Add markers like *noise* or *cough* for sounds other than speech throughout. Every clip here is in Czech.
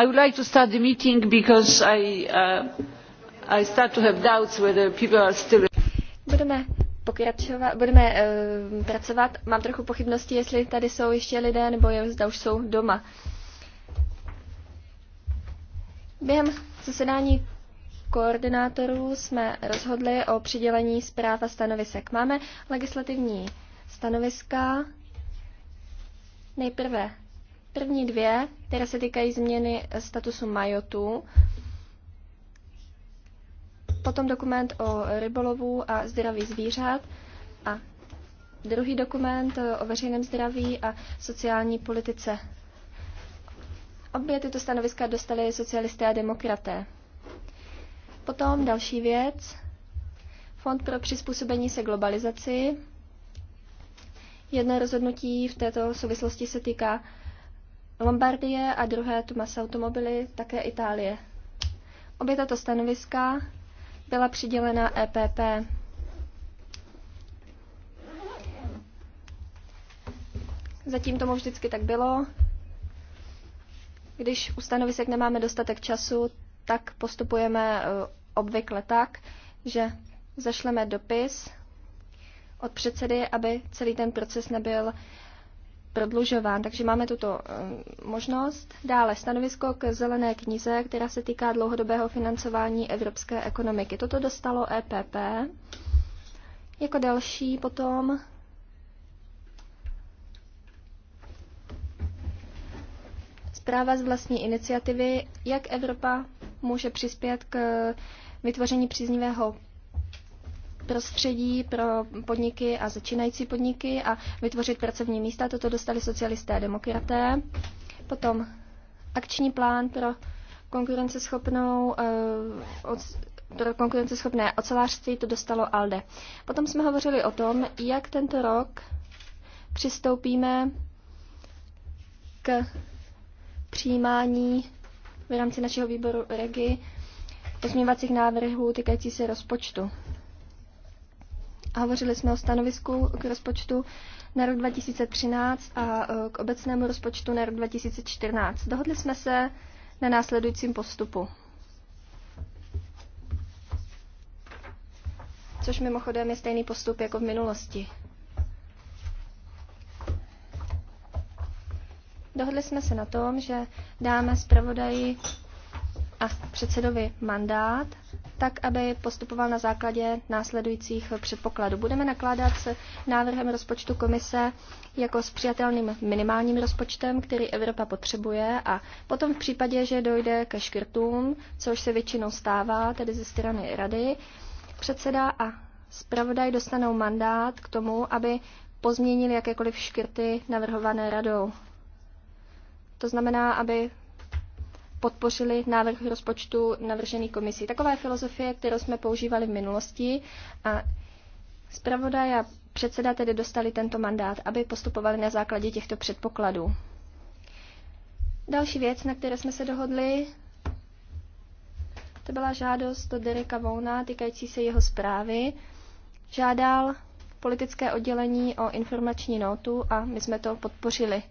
i would like to start the meeting because i, uh, start to have doubts whether people are still. budeme pokračovat, budeme uh, pracovat. Mám trochu pochybnosti, jestli tady jsou ještě lidé, nebo je, zda už jsou doma. Během zasedání koordinátorů jsme rozhodli o přidělení zpráv a stanovisek. Máme legislativní stanoviska. Nejprve První dvě, které se týkají změny statusu majotu, potom dokument o rybolovu a zdraví zvířat a druhý dokument o veřejném zdraví a sociální politice. Obě tyto stanoviska dostali socialisté a demokraté. Potom další věc. Fond pro přizpůsobení se globalizaci. Jedno rozhodnutí v této souvislosti se týká Lombardie a druhé Tomas Automobily, také Itálie. Obě tato stanoviska byla přidělena EPP. Zatím tomu vždycky tak bylo. Když u stanovisek nemáme dostatek času, tak postupujeme e, obvykle tak, že zašleme dopis od předsedy, aby celý ten proces nebyl prodlužován, takže máme tuto eh, možnost. Dále stanovisko k zelené knize, která se týká dlouhodobého financování evropské ekonomiky. Toto dostalo EPP. Jako další potom zpráva z vlastní iniciativy, jak Evropa může přispět k vytvoření příznivého prostředí pro podniky a začínající podniky a vytvořit pracovní místa. Toto dostali socialisté a demokraté. Potom akční plán pro konkurenceschopnou eh, pro konkurenceschopné ocelářství to dostalo ALDE. Potom jsme hovořili o tom, jak tento rok přistoupíme k přijímání v rámci našeho výboru REGI pozměňovacích návrhů týkající se rozpočtu hovořili jsme o stanovisku k rozpočtu na rok 2013 a e, k obecnému rozpočtu na rok 2014. Dohodli jsme se na následujícím postupu. Což mimochodem je stejný postup jako v minulosti. Dohodli jsme se na tom, že dáme zpravodaji a předsedovi mandát tak aby postupoval na základě následujících předpokladů. Budeme nakládat s návrhem rozpočtu komise jako s přijatelným minimálním rozpočtem, který Evropa potřebuje a potom v případě, že dojde ke škrtům, což se většinou stává, tedy ze strany rady, předseda a zpravodaj dostanou mandát k tomu, aby pozměnili jakékoliv škrty navrhované radou. To znamená, aby podpořili návrh rozpočtu navržený komisí. Taková je filozofie, kterou jsme používali v minulosti a zpravodaj a předseda tedy dostali tento mandát, aby postupovali na základě těchto předpokladů. Další věc, na které jsme se dohodli, to byla žádost od Dereka Vouna týkající se jeho zprávy. Žádal politické oddělení o informační notu a my jsme to podpořili.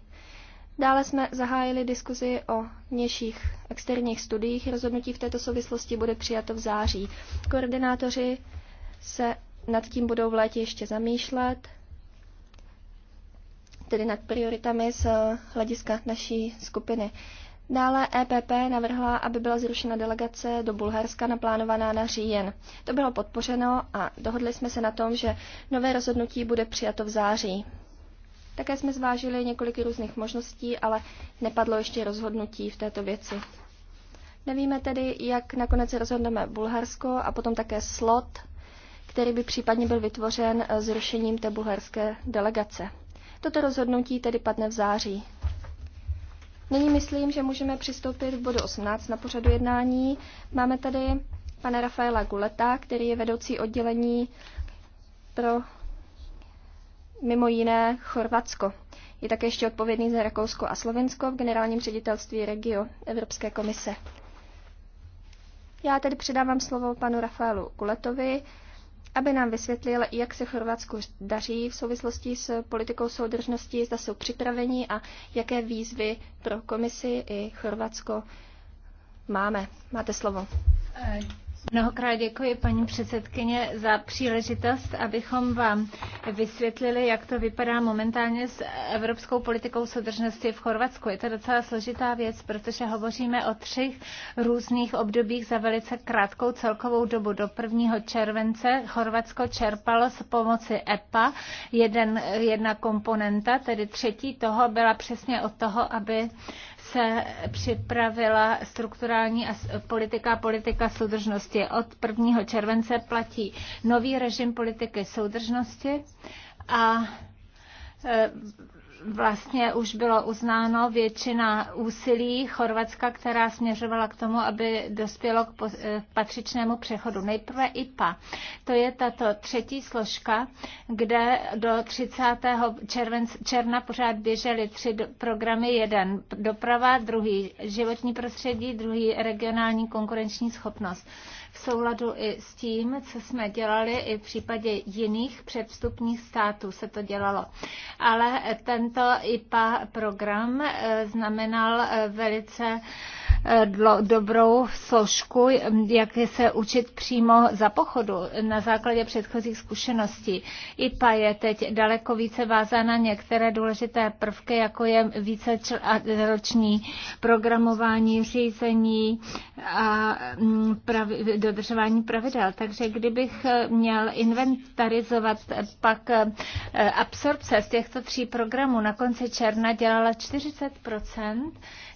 Dále jsme zahájili diskuzi o vnějších externích studiích. Rozhodnutí v této souvislosti bude přijato v září. Koordinátoři se nad tím budou v létě ještě zamýšlet, tedy nad prioritami z hlediska naší skupiny. Dále EPP navrhla, aby byla zrušena delegace do Bulharska naplánovaná na říjen. To bylo podpořeno a dohodli jsme se na tom, že nové rozhodnutí bude přijato v září. Také jsme zvážili několik různých možností, ale nepadlo ještě rozhodnutí v této věci. Nevíme tedy, jak nakonec rozhodneme Bulharsko a potom také slot, který by případně byl vytvořen eh, zrušením té bulharské delegace. Toto rozhodnutí tedy padne v září. Nyní myslím, že můžeme přistoupit k bodu 18 na pořadu jednání. Máme tady pana Rafaela Guleta, který je vedoucí oddělení pro mimo jiné Chorvatsko. Je také ještě odpovědný za Rakousko a Slovensko v generálním ředitelství Regio Evropské komise. Já tedy předávám slovo panu Rafaelu Kuletovi, aby nám vysvětlil, jak se Chorvatsku daří v souvislosti s politikou soudržnosti, zda jsou připraveni a jaké výzvy pro komisi i Chorvatsko máme. Máte slovo. Eh, Mnohokrát děkuji, paní předsedkyně, za příležitost, abychom vám vysvětlili, jak to vypadá momentálně s evropskou politikou soudržnosti v Chorvatsku. Je to docela složitá věc, protože hovoříme o třech různých obdobích za velice krátkou celkovou dobu. Do 1. července Chorvatsko čerpalo s pomoci EPA jeden, jedna komponenta, tedy třetí toho byla přesně od toho, aby se připravila strukturální politika politika soudržnosti. Od 1. července platí nový režim politiky soudržnosti a e, vlastně už bylo uznáno většina úsilí Chorvatska, která směřovala k tomu, aby dospělo k eh, patřičnému přechodu. Nejprve IPA. To je tato třetí složka, kde do 30. Červenc, června pořád běžely tři programy. Jeden doprava, druhý životní prostředí, druhý regionální konkurenční schopnost v souladu i s tím, co jsme dělali i v případě jiných předvstupních států se to dělalo. Ale tento IPA program eh, znamenal eh, velice eh, dobrou složku, jak se učit přímo za pochodu na základě předchozích zkušeností. IPA je teď daleko více vázána některé důležité prvky, jako je více roční programování, řízení a mm, dodržování pravidel. Takže kdybych měl inventarizovat pak eh, absorpce z těchto tří programů na konci června dělala 40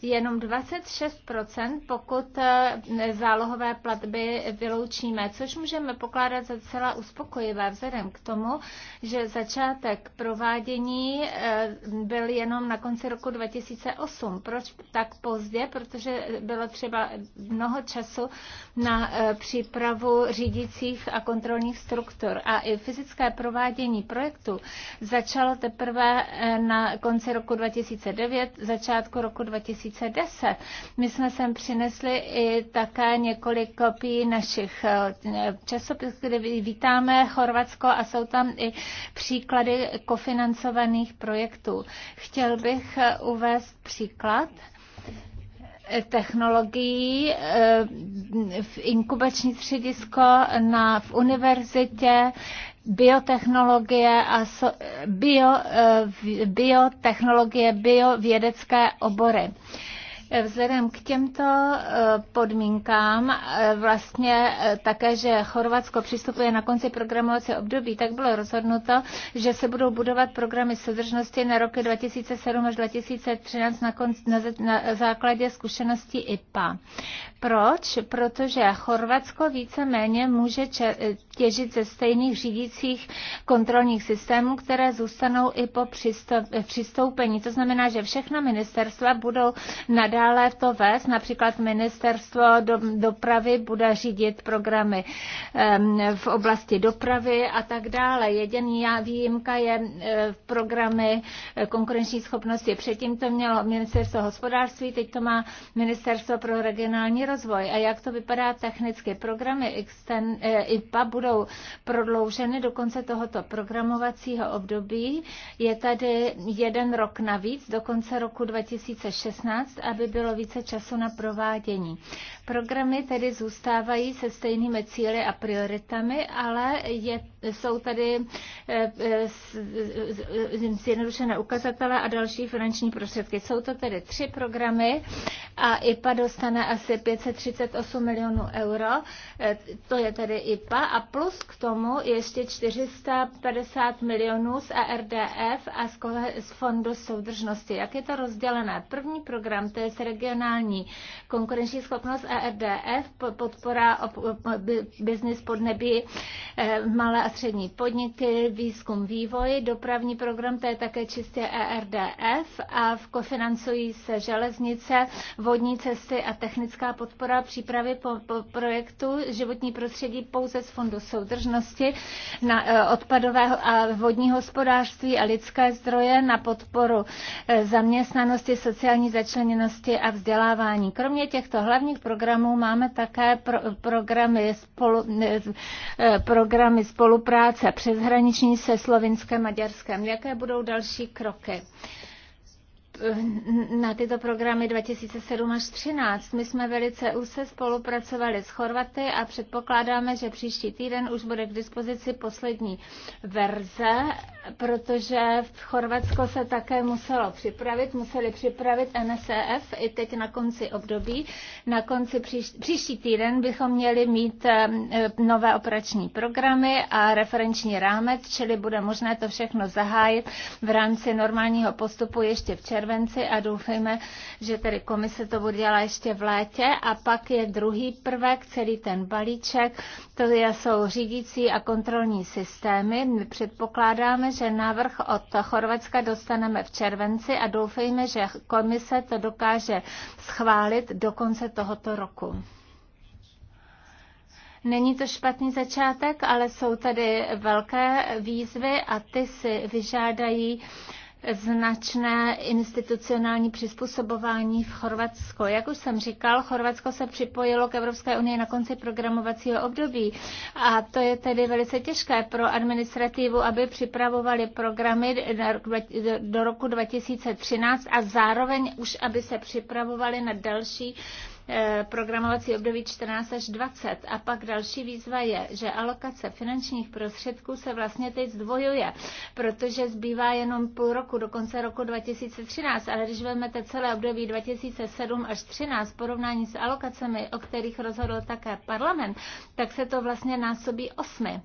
jenom 26%, pokud eh, zálohové platby vyloučíme, což můžeme pokládat za celá uspokojivé vzhledem k tomu, že začátek provádění eh, byl jenom na konci roku 2008. Proč tak pozdě? Protože bylo třeba mnoho času na eh, přípravu řídících a kontrolních struktur. A i fyzické provádění projektu začalo teprve na konci roku 2009, začátku roku 2010. 2010. My jsme sem přinesli i také několik kopií našich eh, časopisů, kde vítáme Chorvatsko a jsou tam i příklady kofinancovaných projektů. Chtěl bych eh, uvést příklad eh, technologií v inkubační středisko na, v univerzitě biotechnologie a so, bio, eh, biotechnologie, biovědecké obory. Eh, vzhledem k těmto eh, podmínkám, vlastně také, že Chorvatsko přistupuje na konci programovací období, tak bylo rozhodnuto, že se budou budovat programy soudržnosti na roky 2007 až 2013 na, konc, na, na základě zkušeností IPA. Proč? Protože Chorvatsko víceméně může těžit ze stejných řídících kontrolních systémů, které zůstanou i po přistoupení. To znamená, že všechna ministerstva budou nadále to vést. Například ministerstvo dopravy bude řídit programy v oblasti dopravy a tak dále. Jediný výjimka je e, v programy e, konkurenční schopnosti. Předtím to mělo ministerstvo hospodářství, teď to má ministerstvo pro regionální rozvoj. A jak to vypadá technicky? Programy e, IPA budou budou prodlouženy do konce tohoto programovacího období. Je tady jeden rok navíc do konce roku 2016, aby bylo více času na provádění. Programy tedy zůstávají se stejnými cíly a prioritami, ale je, jsou tady eh, eh, zjednodušené ukazatele a další finanční prostředky. Jsou to tedy tři programy a IPA dostane asi 538 milionů euro, eh, to je tedy IPA a plus k tomu ještě 450 milionů z ARDF e a z Fondu soudržnosti. Jak je to rozdělené? První program, to je regionální konkurenční schopnost ERDF, e podpora biznis pod nebi, eh, malé a střední podniky, výzkum, vývoj, dopravní program, to je také čistě ERDF a v kofinancují se železnice, vodní cesty a technická podpora přípravy po, po projektu životní prostředí pouze z Fondu soudržnosti na eh, odpadového a vodní hospodářství a lidské zdroje na podporu eh, zaměstnanosti, sociální začleněnosti a vzdělávání. Kromě těchto hlavních programů programů máme také pro, programy, spolu, eh, programy spolupráce přeshraniční se slovinské Maďarskem. Jaké budou další kroky? na tyto programy 2007 až 2013. My jsme velice úzce spolupracovali s Chorvaty a předpokládáme, že příští týden už bude k dispozici poslední verze protože v Chorvatsko se také muselo připravit, museli připravit NSF i teď na konci období. Na konci příš, příští týden bychom měli mít eh, nové operační programy a referenční rámec, čili bude možné to všechno zahájit v rámci normálního postupu ještě v červenci a doufejme, že tedy komise to bude dělat ještě v létě a pak je druhý prvek, celý ten balíček, to jsou řídící a kontrolní systémy. My předpokládáme, že návrh od Chorvatska dostaneme v červenci a doufejme, že komise to dokáže schválit do konce tohoto roku. Není to špatný začátek, ale jsou tady velké výzvy a ty si vyžádají značné institucionální přizpůsobování v Chorvatsko. Jak už jsem říkal, Chorvatsko se připojilo k Evropské unii na konci programovacího období a to je tedy velice těžké pro administrativu, aby připravovali programy do roku 2013 a zároveň už, aby se připravovali na další Eh, programovací období 14 až 20. A pak další výzva je, že alokace finančních prostředků se vlastně teď zdvojuje, protože zbývá jenom půl roku do konce roku 2013, ale když vezmete celé období 2007 až 13 v porovnání s alokacemi, o kterých rozhodl také parlament, tak se to vlastně násobí osmi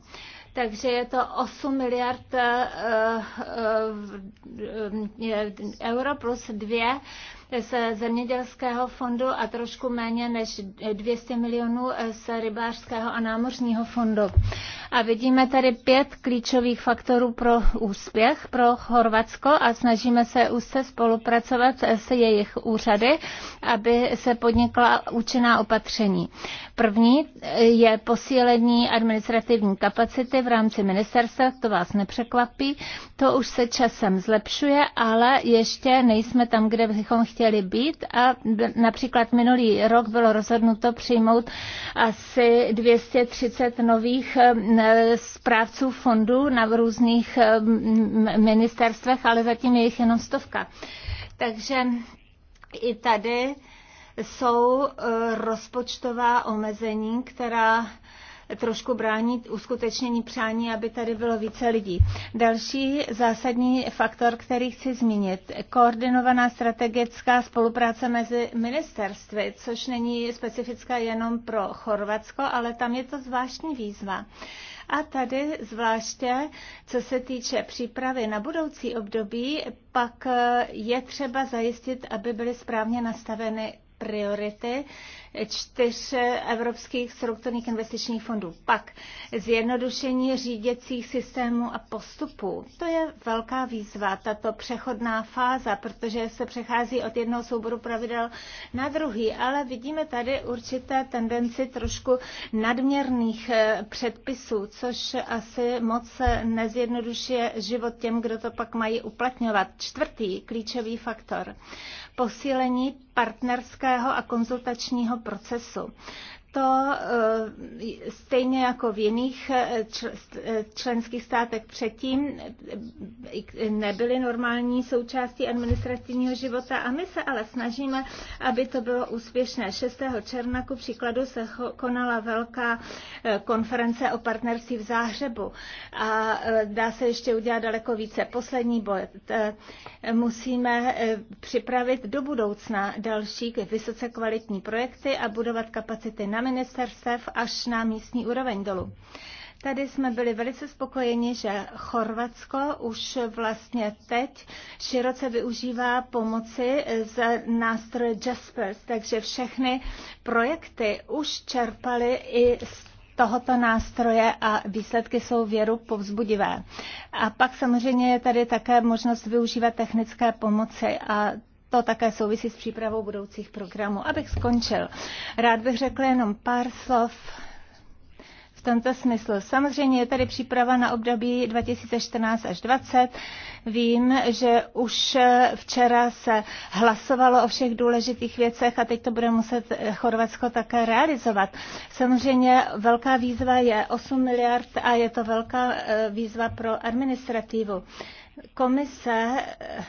takže je to 8 miliard eh, eh, euro plus 2 z zemědělského fondu a trošku méně než 200 milionů z rybářského a námořního fondu. A vidíme tady pět klíčových faktorů pro úspěch pro Chorvatsko a snažíme se úzce spolupracovat s jejich úřady, aby se podnikla účinná opatření. První je posílení administrativní kapacity v rámci ministerstva, to vás nepřekvapí. To už se časem zlepšuje, ale ještě nejsme tam, kde bychom chtěli být a například minulý rok bylo rozhodnuto přijmout asi 230 nových zprávců eh, fondů na různých eh, ministerstvech, ale zatím je jich jenom stovka. Takže i tady jsou eh, rozpočtová omezení, která trošku brání uskutečnění přání, aby tady bylo více lidí. Další zásadní faktor, který chci zmínit, koordinovaná strategická spolupráce mezi ministerstvy, což není specifická jenom pro Chorvatsko, ale tam je to zvláštní výzva. A tady zvláště, co se týče přípravy na budoucí období, pak je třeba zajistit, aby byly správně nastaveny priority čtyř evropských strukturních investičních fondů. Pak zjednodušení řídicích systémů a postupů. To je velká výzva, tato přechodná fáza, protože se přechází od jednoho souboru pravidel na druhý, ale vidíme tady určité tendenci trošku nadměrných eh, předpisů, což asi moc nezjednodušuje život těm, kdo to pak mají uplatňovat. Čtvrtý klíčový faktor posílení partnerského a konzultačního procesu to eh, stejně jako v jiných eh, eh, členských státech předtím nebyly normální součástí administrativního života a my se ale snažíme, aby to bylo úspěšné. 6. června ku příkladu se konala velká konference o partnerství v Záhřebu a dá se ještě udělat daleko více. Poslední bod. Musíme připravit do budoucna další vysoce kvalitní projekty a budovat kapacity na na ministerstev až na místní úroveň dolů. Tady jsme byli velice spokojeni, že Chorvatsko už vlastně teď široce využívá pomoci z nástroje Jaspers, takže všechny projekty už čerpaly i z tohoto nástroje a výsledky jsou věru povzbudivé. A pak samozřejmě je tady také možnost využívat technické pomoci a to také souvisí s přípravou budoucích programů. Abych skončil, rád bych řekl jenom pár slov v tomto smyslu. Samozřejmě je tady příprava na období 2014 až 2020. Vím, že už včera se hlasovalo o všech důležitých věcech a teď to bude muset Chorvatsko také realizovat. Samozřejmě velká výzva je 8 miliard a je to velká eh, výzva pro administrativu. Komise eh,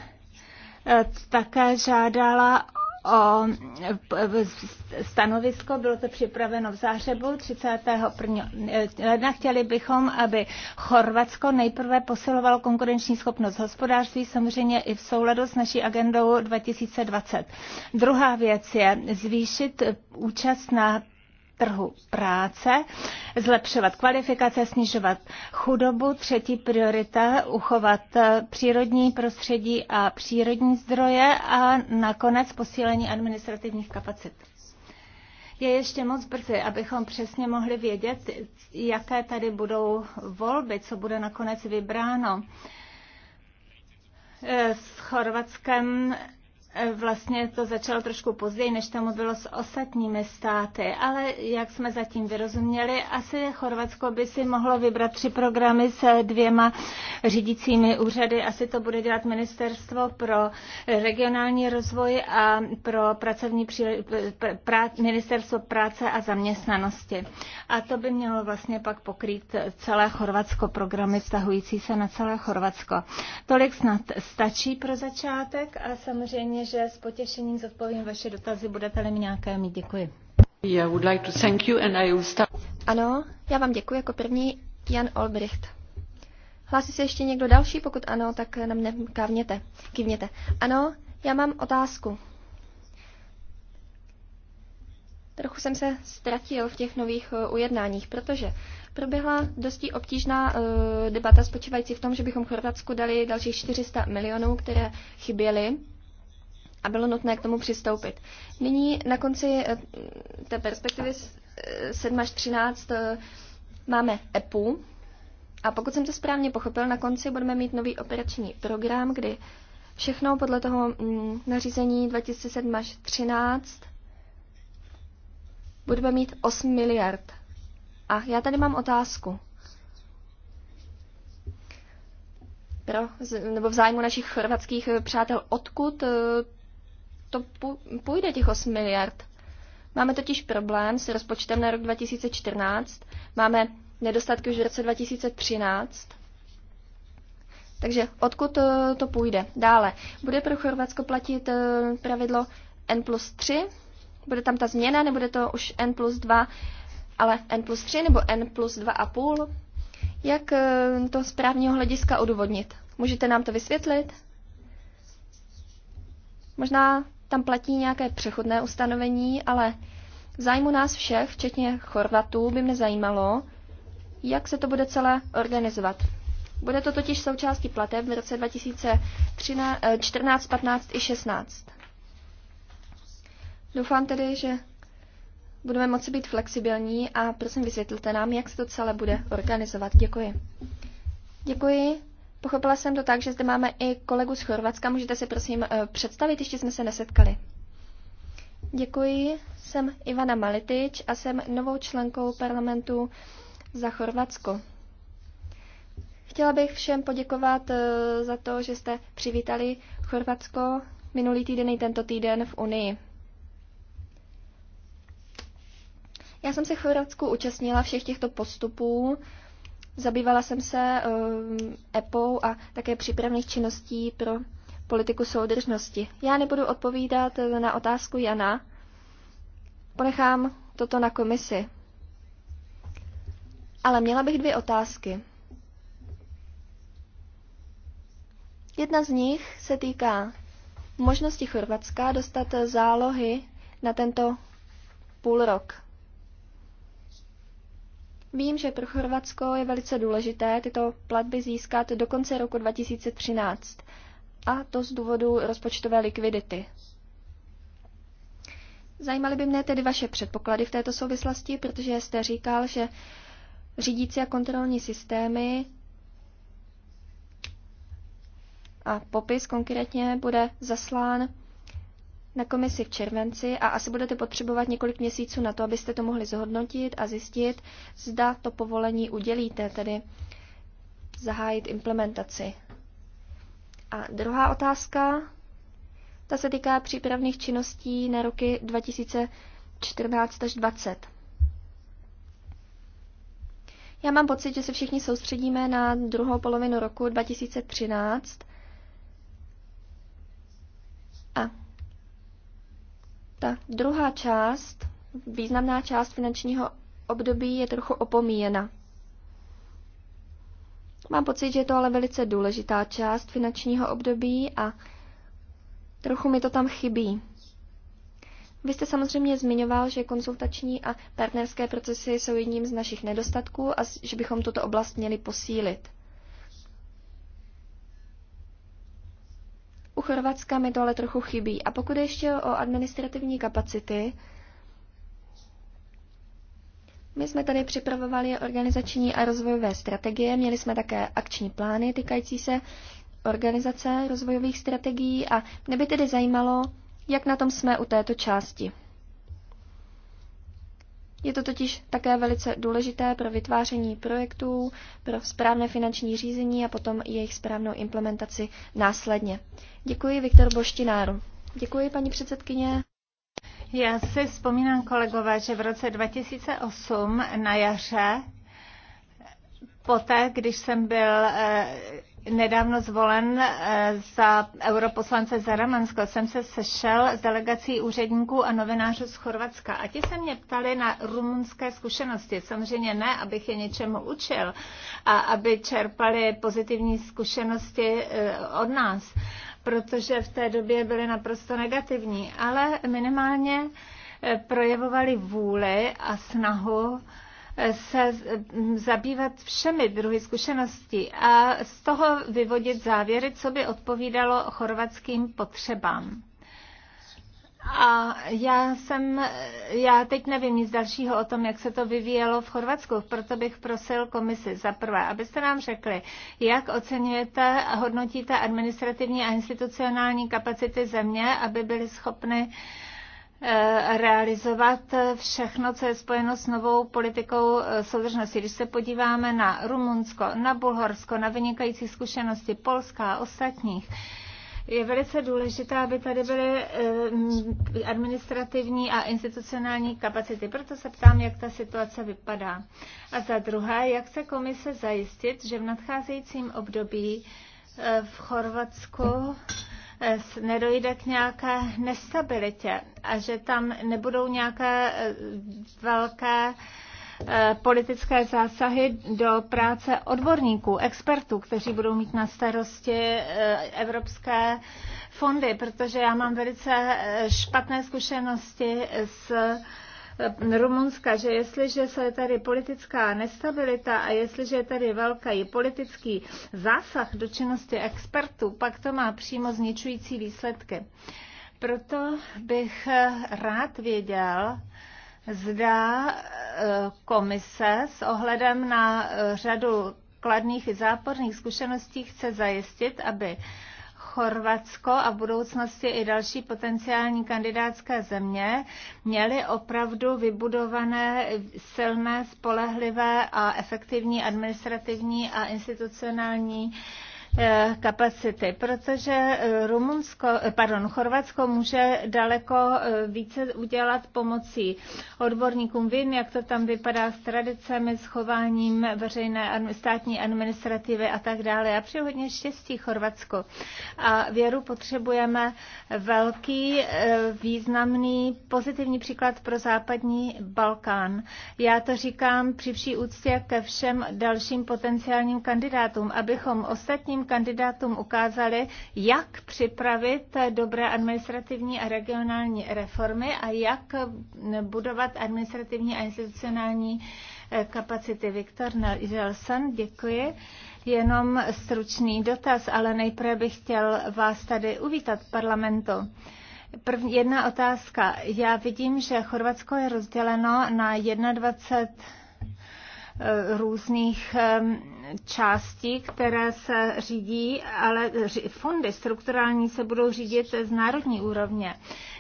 Eh, také žádala o eh, stanovisko, bylo to připraveno v Zářebu 31. Eh, ledna. Chtěli bychom, aby Chorvatsko nejprve posilovalo konkurenční schopnost hospodářství, samozřejmě i v souladu s naší agendou 2020. Druhá věc je zvýšit účast na trhu práce, zlepšovat kvalifikace, snižovat chudobu. Třetí priorita uchovat přírodní prostředí a přírodní zdroje a nakonec posílení administrativních kapacit. Je ještě moc brzy, abychom přesně mohli vědět, jaké tady budou volby, co bude nakonec vybráno. E, s Chorvatskem vlastně to začalo trošku později, než tomu bylo s ostatními státy, ale jak jsme zatím vyrozuměli, asi Chorvatsko by si mohlo vybrat tři programy se dvěma řídícími úřady. Asi to bude dělat Ministerstvo pro regionální rozvoj a pro pracovní příle... prá... Ministerstvo práce a zaměstnanosti. A to by mělo vlastně pak pokrýt celé Chorvatsko, programy vztahující se na celé Chorvatsko. Tolik snad stačí pro začátek a samozřejmě samozřejmě, že s potěšením zodpovím vaše dotazy, budete-li mi nějaké mít. Děkuji. Yeah, would like to thank you and I will start. Ano, já vám děkuji jako první Jan Olbricht. Hlásí se ještě někdo další? Pokud ano, tak na mne kávněte, kivněte. Ano, já mám otázku. Trochu jsem se ztratil v těch nových eh, ujednáních, protože proběhla dosti obtížná uh, debata spočívající v tom, že bychom Chorvatsku dali dalších 400 milionů, které chyběly a bylo nutné k tomu přistoupit. Nyní na konci eh, té perspektivy 7 eh, až 13 eh, máme EPU a pokud jsem to správně pochopil, na konci budeme mít nový operační program, kdy všechno podle toho mm, nařízení 2007 až 13 budeme mít 8 miliard. A já tady mám otázku. Pro, nebo v zájmu našich chorvatských přátel, odkud to půjde těch 8 miliard. Máme totiž problém s rozpočtem na rok 2014, máme nedostatky už v roce 2013. Takže odkud to, to půjde? Dále, bude pro Chorvatsko platit eh, pravidlo N plus 3, bude tam ta změna, nebude to už N plus 2, ale N plus 3 nebo N plus 2,5? Jak eh, to z právního hlediska odůvodnit? Můžete nám to vysvětlit? Možná tam platí nějaké přechodné ustanovení, ale v zájmu nás všech, včetně Chorvatů, by mě zajímalo, jak se to bude celé organizovat. Bude to totiž součástí plateb v roce 2014, 15 eh, i 16. Doufám tedy, že budeme moci být flexibilní a prosím vysvětlte nám, jak se to celé bude organizovat. Děkuji. Děkuji. Pochopila jsem to tak, že zde máme i kolegu z Chorvatska. Můžete si prosím eh, představit, ještě jsme se nesetkali. Děkuji, jsem Ivana Malitič a jsem novou členkou parlamentu za Chorvatsko. Chtěla bych všem poděkovat eh, za to, že jste přivítali Chorvatsko minulý týden i tento týden v Unii. Já jsem se v Chorvatsku účastnila všech těchto postupů Zabývala jsem se um, EPO a také přípravných činností pro politiku soudržnosti. Já nebudu odpovídat eh, na otázku Jana. Ponechám toto na komisi. Ale měla bych dvě otázky. Jedna z nich se týká možnosti Chorvatska dostat eh, zálohy na tento půl rok. Vím, že pro Chorvatsko je velice důležité tyto platby získat do konce roku 2013, a to z důvodu rozpočtové likvidity. Zajímaly by mne tedy vaše předpoklady v této souvislosti, protože jste říkal, že řídící a kontrolní systémy a popis konkrétně bude zaslán na komisi v červenci a asi budete potřebovat několik měsíců na to, abyste to mohli zhodnotit a zjistit, zda to povolení udělíte, tedy zahájit implementaci. A druhá otázka, ta se týká přípravných činností na roky 2014 až 2020. Já mám pocit, že se všichni soustředíme na druhou polovinu roku 2013 Ta druhá část, významná část finančního období je trochu opomíjena. Mám pocit, že je to ale velice důležitá část finančního období a trochu mi to tam chybí. Vy jste samozřejmě zmiňoval, že konzultační a partnerské procesy jsou jedním z našich nedostatků a že bychom tuto oblast měli posílit. U Chorvatska mi to ale trochu chybí. A pokud ještě o administrativní kapacity, my jsme tady připravovali organizační a rozvojové strategie, měli jsme také akční plány týkající se organizace rozvojových strategií a mě by tedy zajímalo, jak na tom jsme u této části. Je to totiž také velice důležité pro vytváření projektů, pro správné finanční řízení a potom jejich správnou implementaci následně. Děkuji Viktor Boštináru. Děkuji paní předsedkyně. Já si vzpomínám, kolegové, že v roce 2008 na jaře poté, když jsem byl eh, nedávno zvolen eh, za europoslance za Ramansko, jsem se sešel s delegací úředníků a novinářů z Chorvatska a ti se mě ptali na rumunské zkušenosti. Samozřejmě ne, abych je něčemu učil a aby čerpali pozitivní zkušenosti eh, od nás, protože v té době byly naprosto negativní, ale minimálně eh, projevovali vůli a snahu se zabývat všemi druhy zkušeností a z toho vyvodit závěry, co by odpovídalo chorvatským potřebám. A já jsem, já teď nevím nic dalšího o tom, jak se to vyvíjelo v Chorvatsku, proto bych prosil komisi za prvé, abyste nám řekli, jak oceňujete a hodnotíte administrativní a institucionální kapacity země, aby byly schopny uh, Eh, realizovat všechno, co je spojeno s novou politikou eh, soudržnosti. Když se podíváme na Rumunsko, na Bulharsko, na vynikající zkušenosti Polska a ostatních, je velice důležité, aby tady byly eh, administrativní a institucionální kapacity. Proto se ptám, jak ta situace vypadá. A za druhé, jak se komise zajistit, že v nadcházejícím období v Chorvatsku nedojde k nějaké nestabilitě a že tam nebudou nějaké e, velké e, politické zásahy do práce odborníků, expertů, kteří budou mít na starosti e, evropské fondy, protože já mám velice špatné zkušenosti s Eh, Rumunska, že jestliže se tady politická nestabilita a jestliže je tady velký politický zásah do činnosti expertů, pak to má přímo zničující výsledky. Proto bych eh, rád věděl, zda eh, komise s ohledem na řadu kladných i záporných zkušeností chce zajistit, aby Chorvatsko a v budoucnosti i další potenciální kandidátské země měly opravdu vybudované silné, spolehlivé a efektivní administrativní a institucionální Eh, kapacity, protože eh, Rumunsko, eh, pardon, Chorvatsko může daleko více udělat pomocí odborníkům. Vím, jak to tam vypadá s tradicemi, s chováním veřejné státní administrativy a tak dále. A přeji hodně štěstí Chorvatsko. A věru potřebujeme velký, významný, pozitivní příklad pro západní Balkán. Já to říkám při vší úctě ke všem dalším potenciálním kandidátům, abychom ostatním svým kandidátům ukázali, jak připravit dobré administrativní a regionální reformy a jak budovat administrativní a institucionální eh, kapacity. Viktor Nelson, děkuji. Jenom stručný dotaz, ale nejprve bych chtěl vás tady uvítat v parlamentu. První, jedna otázka. Já vidím, že Chorvatsko je rozděleno na 21 Eh, různých částí, které se řídí, ale fondy strukturální se budou řídit z národní úrovně.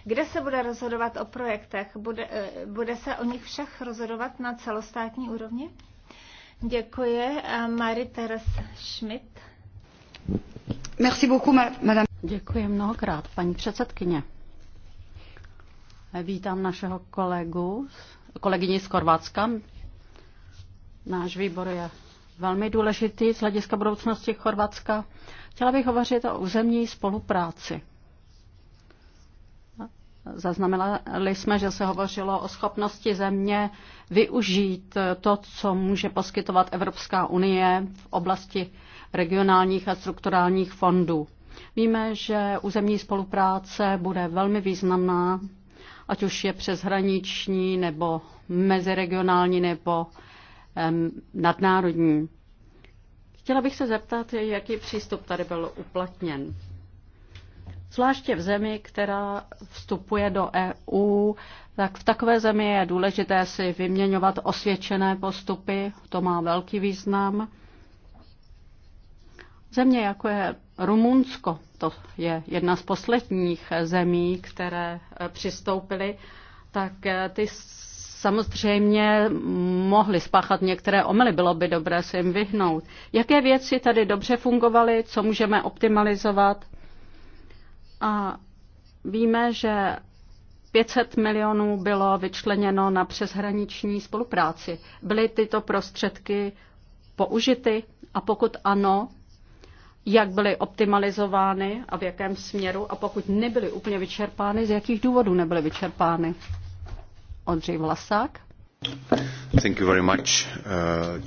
Kde se bude rozhodovat o projektech? Bude, eh, bude se o nich všech rozhodovat na celostátní úrovni? Děkuji. Eh, Marie Teres Schmidt. Merci beaucoup, madame. Děkuji mnohokrát, paní předsedkyně. Vítám našeho kolegu, kolegyni z Chorvatska. Náš výbor je velmi důležitý z hlediska budoucnosti Chorvatska. Chtěla bych hovořit o územní spolupráci. Zaznamenali jsme, že se hovořilo o schopnosti země využít to, co může poskytovat Evropská unie v oblasti regionálních a strukturálních fondů. Víme, že územní spolupráce bude velmi významná, ať už je přeshraniční nebo meziregionální nebo nadnárodní. Chtěla bych se zeptat, jaký přístup tady byl uplatněn. Zvláště v zemi, která vstupuje do EU, tak v takové zemi je důležité si vyměňovat osvědčené postupy, to má velký význam. Země jako je Rumunsko, to je jedna z posledních zemí, které eh, přistoupily, tak eh, ty samozřejmě mohli spáchat některé omily, bylo by dobré se jim vyhnout. Jaké věci tady dobře fungovaly, co můžeme optimalizovat? A víme, že 500 milionů bylo vyčleněno na přeshraniční spolupráci. Byly tyto prostředky použity a pokud ano, jak byly optimalizovány a v jakém směru a pokud nebyly úplně vyčerpány, z jakých důvodů nebyly vyčerpány. Ondřej Vlasák. Thank you very much. Uh,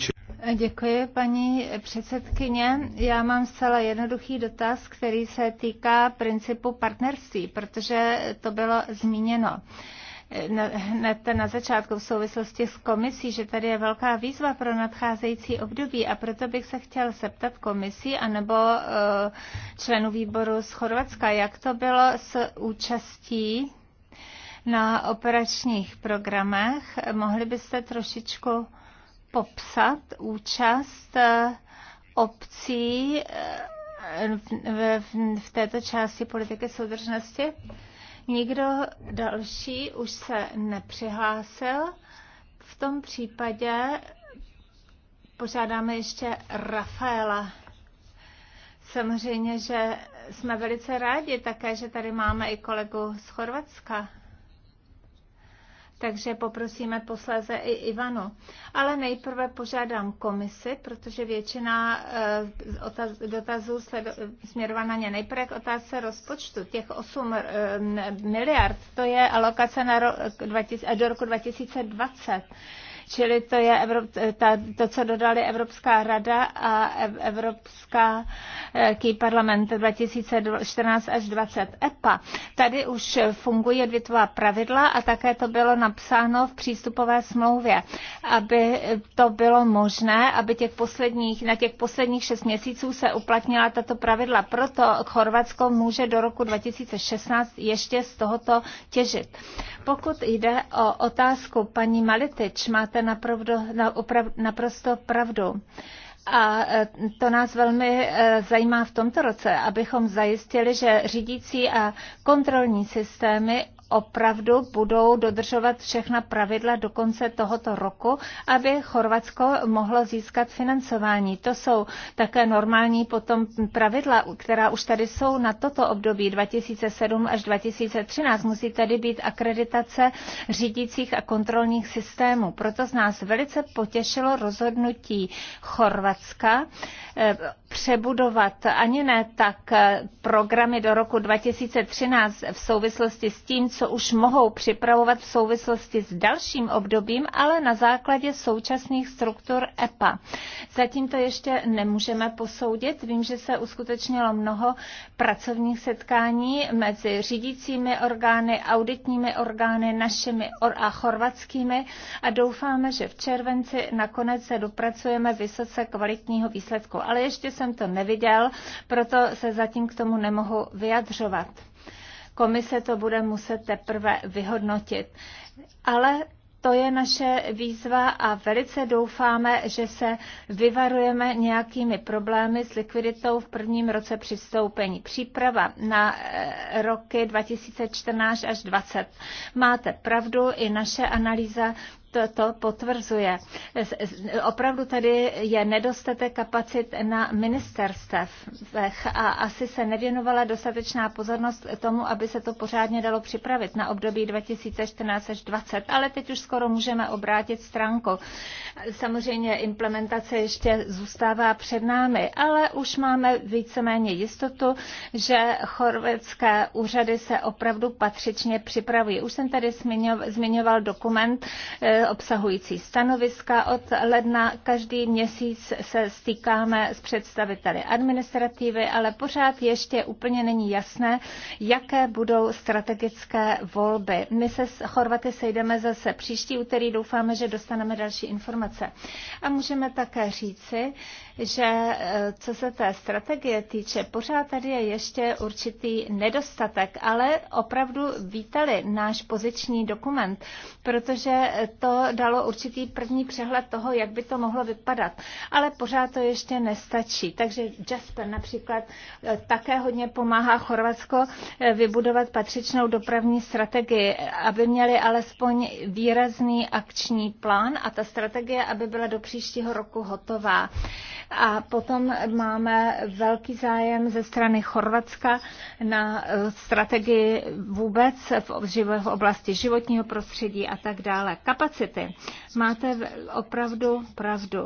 Děkuji, paní předsedkyně. Já mám zcela jednoduchý dotaz, který se týká principu partnerství, protože to bylo zmíněno. hned na začátku v souvislosti s komisí, že tady je velká výzva pro nadcházející období a proto bych se chtěl zeptat komisí anebo eh, členů výboru z Chorvatska, jak to bylo s účastí na operačních programech. Mohli byste trošičku popsat účast eh, obcí eh, v, v, této části politiky soudržnosti? Nikdo další už se nepřihlásil. V tom případě požádáme ještě Rafaela. Samozřejmě, že jsme velice rádi také, že tady máme i kolegu z Chorvatska takže poprosíme posléze i Ivanu. Ale nejprve požádám komisi, protože většina eh, dotazů směrovaná na ně nejprve k otázce rozpočtu. Těch 8 eh, miliard, to je alokace na ro, 20, do roku 2020. Čili to je Evrop- ta, to, co dodali Evropská rada a Evropská ký eh, parlament 2014 až 20 EPA. Tady už fungují odvětvá pravidla a také to bylo napsáno v přístupové smlouvě, aby to bylo možné, aby těch posledních, na těch posledních šest měsíců se uplatnila tato pravidla. Proto Chorvatsko může do roku 2016 ještě z tohoto těžit. Pokud jde o otázku paní Malitič, máte napravdo, na, oprav, naprosto pravdu. A e, to nás velmi e, zajímá v tomto roce, abychom zajistili, že řídící a kontrolní systémy opravdu budou dodržovat všechna pravidla do konce tohoto roku, aby Chorvatsko mohlo získat financování. To jsou také normální potom pravidla, která už tady jsou na toto období 2007 až 2013. Musí tady být akreditace řídících a kontrolních systémů. Proto z nás velice potěšilo rozhodnutí Chorvatska eh, přebudovat ani ne tak eh, programy do roku 2013 v souvislosti s tím, co co už mohou připravovat v souvislosti s dalším obdobím, ale na základě současných struktur EPA. Zatím to ještě nemůžeme posoudit. Vím, že se uskutečnilo mnoho pracovních setkání mezi řídícími orgány, auditními orgány, našimi a chorvatskými a doufáme, že v červenci nakonec se dopracujeme vysoce kvalitního výsledku. Ale ještě jsem to neviděl, proto se zatím k tomu nemohu vyjadřovat. Komise to bude muset teprve vyhodnotit. Ale to je naše výzva a velice doufáme, že se vyvarujeme nějakými problémy s likviditou v prvním roce přistoupení. Příprava na eh, roky 2014 až 2020. Máte pravdu, i naše analýza to, to potvrzuje. Opravdu tady je nedostatek kapacit na ministerstvech a asi se nevěnovala dostatečná pozornost tomu, aby se to pořádně dalo připravit na období 2014 až 2020, ale teď už skoro můžeme obrátit stránku. Samozřejmě implementace ještě zůstává před námi, ale už máme víceméně jistotu, že chorvatské úřady se opravdu patřičně připravují. Už jsem tady zmiňoval dokument eh, obsahující stanoviska. Od ledna každý měsíc se stýkáme s představiteli administrativy, ale pořád ještě úplně není jasné, jaké budou strategické volby. My se s Chorvaty sejdeme zase příští úterý, doufáme, že dostaneme další informace. A můžeme také říci, že eh, co se té strategie týče, pořád tady je ještě určitý nedostatek, ale opravdu vítali náš poziční dokument, protože to dalo určitý první přehled toho, jak by to mohlo vypadat. Ale pořád to ještě nestačí. Takže Jasper například eh, také hodně pomáhá Chorvatsko eh, vybudovat patřičnou dopravní strategii, aby měli alespoň výrazný akční plán a ta strategie, aby byla do příštího roku hotová. A potom máme velký zájem ze strany Chorvatska na eh, strategii vůbec v oblasti životního prostředí a tak dále. Kapacity. Máte opravdu pravdu.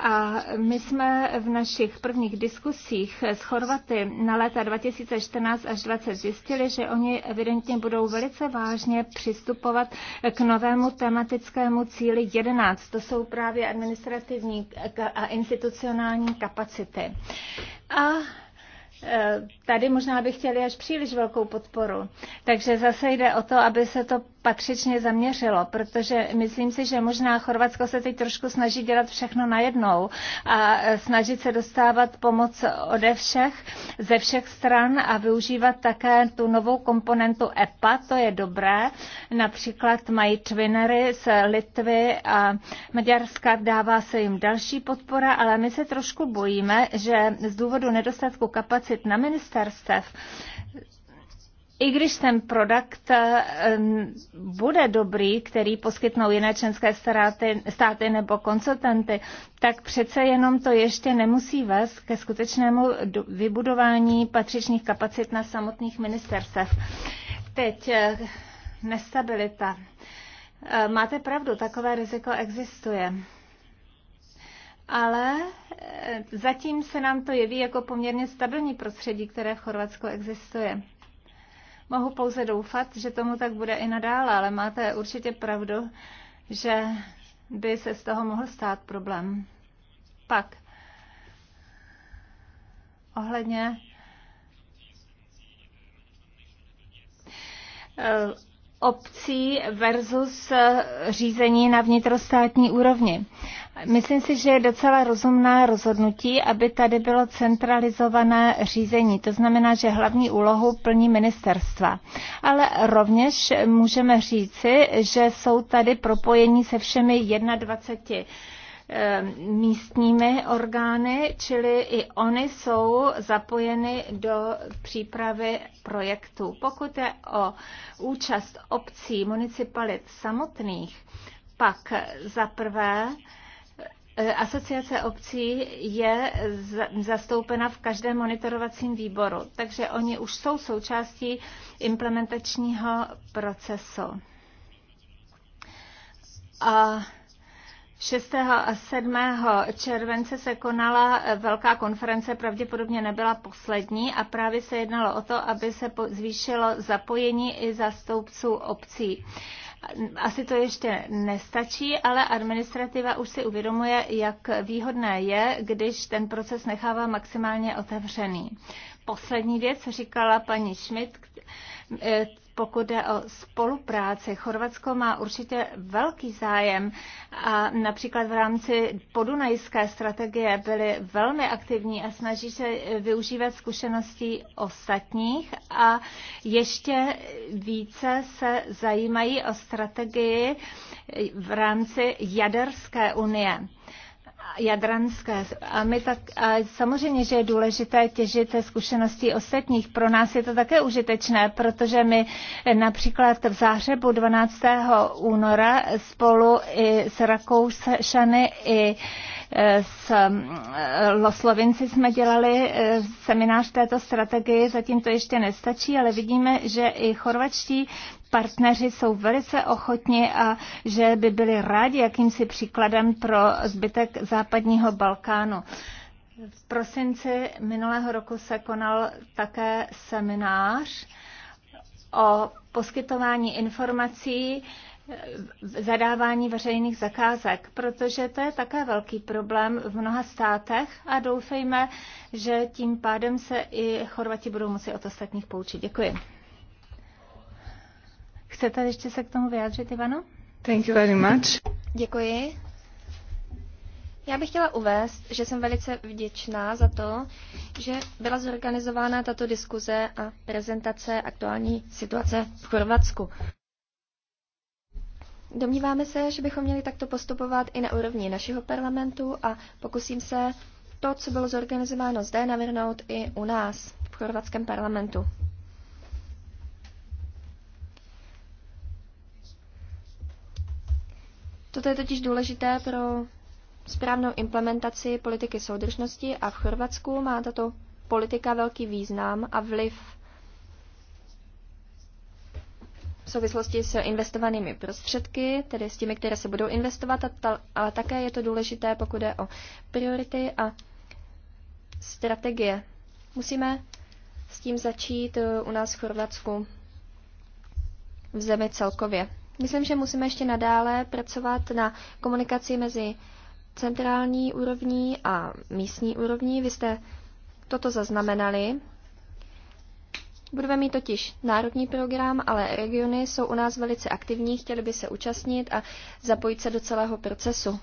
A my jsme v našich prvních diskusích s Chorvaty na léta 2014 až 2020 zjistili, že oni evidentně budou velice vážně přistupovat k novému tematickému cíli 11. To jsou právě administrativní a institucionální personální kapacity. A e, Tady možná bych chtěli až příliš velkou podporu. Takže zase jde o to, aby se to patřičně zaměřilo, protože myslím si, že možná Chorvatsko se teď trošku snaží dělat všechno najednou a snažit se dostávat pomoc ode všech, ze všech stran a využívat také tu novou komponentu EPA, to je dobré. Například mají Twinery z Litvy a Maďarska, dává se jim další podpora, ale my se trošku bojíme, že z důvodu nedostatku kapacit na ministerstev i když ten produkt eh, bude dobrý, který poskytnou jiné členské státy, státy nebo konsultanty, tak přece jenom to ještě nemusí vést ke skutečnému vybudování patřičných kapacit na samotných ministerstvech. Teď eh, nestabilita. Eh, máte pravdu, takové riziko existuje. Ale zatím se nám to jeví jako poměrně stabilní prostředí, které v Chorvatsku existuje. Mohu pouze doufat, že tomu tak bude i nadále, ale máte určitě pravdu, že by se z toho mohl stát problém. Pak ohledně eh, obcí versus eh, řízení na vnitrostátní úrovni. Myslím si, že je docela rozumné rozhodnutí, aby tady bylo centralizované řízení. To znamená, že hlavní úlohu plní ministerstva. Ale rovněž můžeme říci, že jsou tady propojení se všemi 21 Eh, místními orgány, čili i oni jsou zapojeny do přípravy projektu. Pokud je o účast obcí, municipalit samotných, pak za prvé eh, Asociace obcí je zastoupena v každém monitorovacím výboru, takže oni už jsou součástí implementačního procesu. A 6. a 7. července se konala eh, velká konference, pravděpodobně nebyla poslední a právě se jednalo o to, aby se zvýšilo zapojení i zastoupců obcí. Asi to ještě nestačí, ale administrativa už si uvědomuje, jak výhodné je, když ten proces nechává maximálně otevřený. Poslední věc říkala paní Schmidt, eh, pokud jde o spolupráci. Chorvatsko má určitě velký zájem a například v rámci podunajské strategie byly velmi aktivní a snaží se využívat zkušeností ostatních a ještě více se zajímají o strategii v rámci jaderské unie. Jadranské. A, my tak, a samozřejmě, že je důležité těžit zkušeností ostatních. Pro nás je to také užitečné, protože my například v zářebu 12. února spolu i s Rakoušany i e, s e, Loslovinci jsme dělali e, seminář této strategii, zatím to ještě nestačí, ale vidíme, že i chorvačtí partneři jsou velice ochotní a že by byli rádi jakýmsi příkladem pro zbytek západního Balkánu. V prosinci minulého roku se konal také seminář o poskytování informací zadávání veřejných zakázek, protože to je také velký problém v mnoha státech a doufejme, že tím pádem se i Chorvati budou moci od ostatních poučit. Děkuji. Chcete ještě se k tomu vyjádřit, Ivano? Thank you very much. Děkuji. Já bych chtěla uvést, že jsem velice vděčná za to, že byla zorganizována tato diskuze a prezentace aktuální situace v Chorvatsku. Domníváme se, že bychom měli takto postupovat i na úrovni našeho parlamentu a pokusím se to, co bylo zorganizováno zde, navrhnout i u nás v chorvatském parlamentu. Toto je totiž důležité pro správnou implementaci politiky soudržnosti a v Chorvatsku má tato politika velký význam a vliv v souvislosti s investovanými prostředky, tedy s těmi, které se budou investovat, ale také je to důležité, pokud je o priority a strategie. Musíme s tím začít eh, u nás v Chorvatsku v zemi celkově. Myslím, že musíme ještě nadále pracovat na komunikaci mezi centrální úrovní a místní úrovní. Vy jste toto zaznamenali. Budeme mít totiž národní program, ale regiony jsou u nás velice aktivní, chtěli by se účastnit a zapojit se do celého procesu.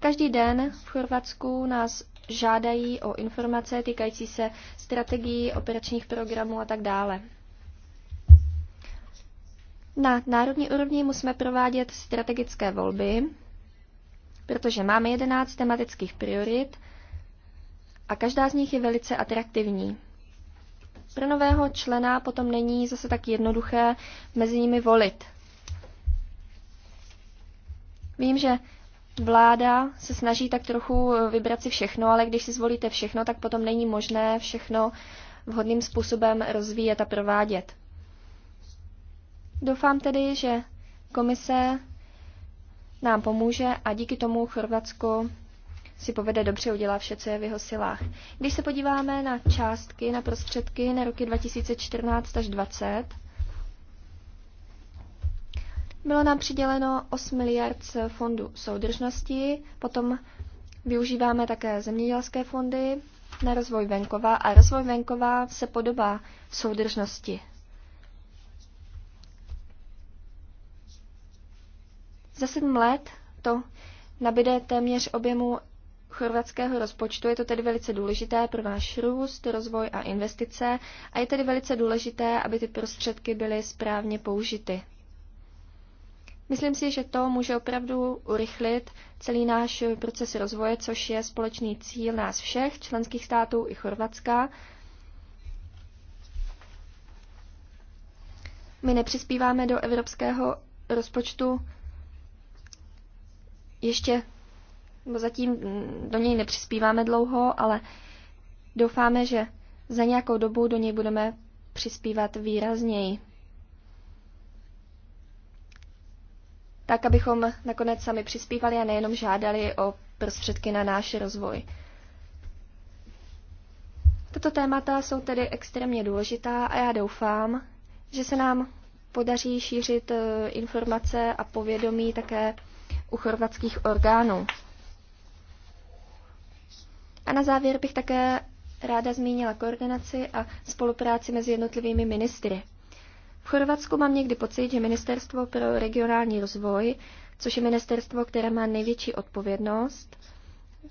Každý den v Chorvatsku nás žádají o informace týkající se strategií, operačních programů a tak dále. Na národní úrovni musíme provádět strategické volby, protože máme 11 tematických priorit a každá z nich je velice atraktivní. Pro nového člena potom není zase tak jednoduché mezi nimi volit. Vím, že vláda se snaží tak trochu vybrat si všechno, ale když si zvolíte všechno, tak potom není možné všechno vhodným způsobem rozvíjet a provádět. Doufám tedy, že komise nám pomůže a díky tomu Chorvatsko si povede dobře udělat vše, co je v jeho silách. Když se podíváme na částky, na prostředky na roky 2014 až 2020, bylo nám přiděleno 8 miliard z fondu soudržnosti, potom využíváme také zemědělské fondy na rozvoj venkova a rozvoj venkova se podobá soudržnosti. Za sedm let to nabide téměř objemu chorvatského rozpočtu. Je to tedy velice důležité pro náš růst, rozvoj a investice a je tedy velice důležité, aby ty prostředky byly správně použity. Myslím si, že to může opravdu urychlit celý náš proces rozvoje, což je společný cíl nás všech, členských států i Chorvatska. My nepřispíváme do evropského rozpočtu ještě, bo no zatím do něj nepřispíváme dlouho, ale doufáme, že za nějakou dobu do něj budeme přispívat výrazněji. Tak, abychom nakonec sami přispívali a nejenom žádali o prostředky na náš rozvoj. Tato témata jsou tedy extrémně důležitá a já doufám, že se nám podaří šířit eh, informace a povědomí také u chorvatských orgánů. A na závěr bych také ráda zmínila koordinaci a spolupráci mezi jednotlivými ministry. V Chorvatsku mám někdy pocit, že Ministerstvo pro regionální rozvoj, což je ministerstvo, které má největší odpovědnost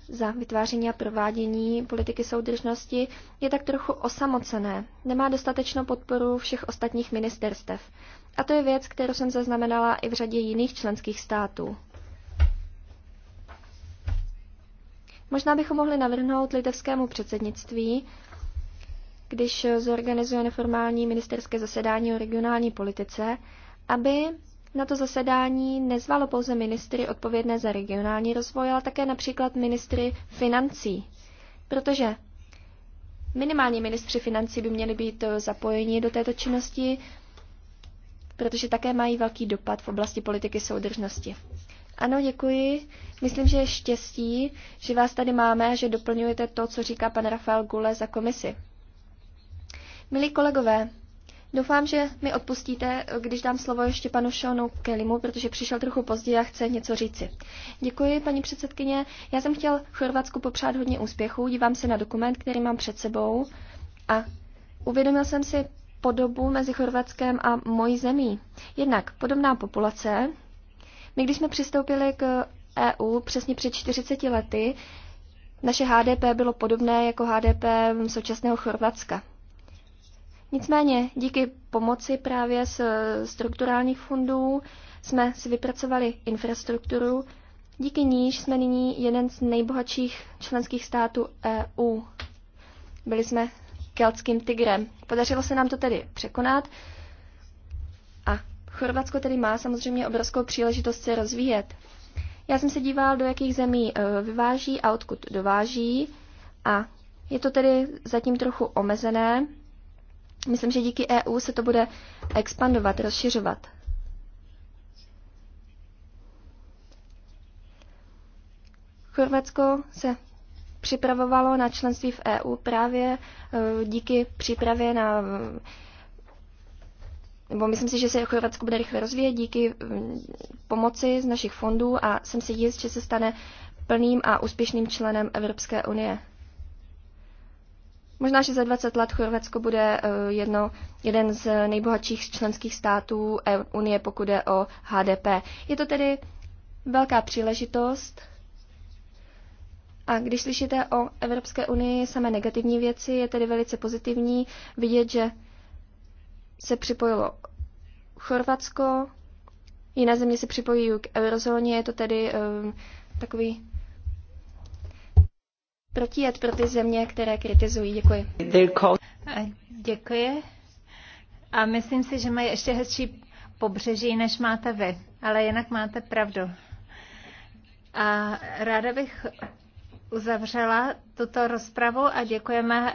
za vytváření a provádění politiky soudržnosti, je tak trochu osamocené. Nemá dostatečnou podporu všech ostatních ministerstev. A to je věc, kterou jsem zaznamenala i v řadě jiných členských států. Možná bychom mohli navrhnout litevskému předsednictví, když zorganizuje neformální ministerské zasedání o regionální politice, aby na to zasedání nezvalo pouze ministry odpovědné za regionální rozvoj, ale také například ministry financí. Protože minimálně ministři financí by měli být zapojeni do této činnosti, protože také mají velký dopad v oblasti politiky soudržnosti. Ano, děkuji. Myslím, že je štěstí, že vás tady máme a že doplňujete to, co říká pan Rafael Gule za komisi. Milí kolegové, doufám, že mi odpustíte, když dám slovo ještě panu Seanu Kelimu, protože přišel trochu později a chce něco říci. Děkuji, paní předsedkyně. Já jsem chtěl Chorvatsku popřát hodně úspěchů. Dívám se na dokument, který mám před sebou a uvědomil jsem si podobu mezi Chorvatskem a mojí zemí. Jednak podobná populace, my, když jsme přistoupili k EU přesně před 40 lety, naše HDP bylo podobné jako HDP současného Chorvatska. Nicméně díky pomoci právě z strukturálních fondů jsme si vypracovali infrastrukturu, díky níž jsme nyní jeden z nejbohatších členských států EU. Byli jsme keltským tigrem. Podařilo se nám to tedy překonat Chorvatsko tedy má samozřejmě obrovskou příležitost se rozvíjet. Já jsem se díval, do jakých zemí eh, vyváží a odkud dováží a je to tedy zatím trochu omezené. Myslím, že díky EU se to bude expandovat, rozšiřovat. Chorvatsko se připravovalo na členství v EU právě eh, díky přípravě na nebo myslím si, že se jako Chorvatsko bude rychle rozvíjet díky mm, pomoci z našich fondů a jsem si jist, že se stane plným a úspěšným členem Evropské unie. Možná, že za 20 let Chorvatsko bude eh, jedno, jeden z nejbohatších členských států e, Unie, pokud je o HDP. Je to tedy velká příležitost. A když slyšíte o Evropské unii samé negativní věci, je tedy velice pozitivní vidět, že se připojilo Chorvatsko, jiné země se připojí k eurozóně, je to tedy um, takový protijet pro ty země, které kritizují. Děkuji. Děkuji. A myslím si, že mají ještě hezčí pobřeží, než máte vy. Ale jinak máte pravdu. A ráda bych uzavřela tuto rozpravu a děkujeme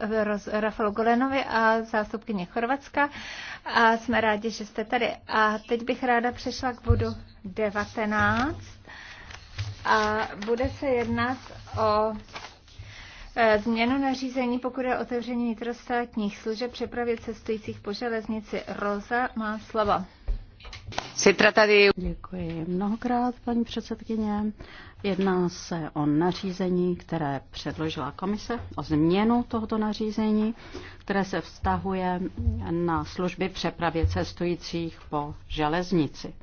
eh, Rafalu Golenovi a zástupkyně Chorvatska a jsme rádi, že jste tady. A teď bych ráda přišla k bodu 19 a bude se jednat o eh, změnu nařízení, pokud je otevření vnitrostátních služeb přepravě cestujících po železnici. Roza má slovo. Děkuji mnohokrát, paní předsedkyně. Jedná se o nařízení, které předložila komise, o změnu tohoto nařízení, které se vztahuje na služby přepravě cestujících po železnici.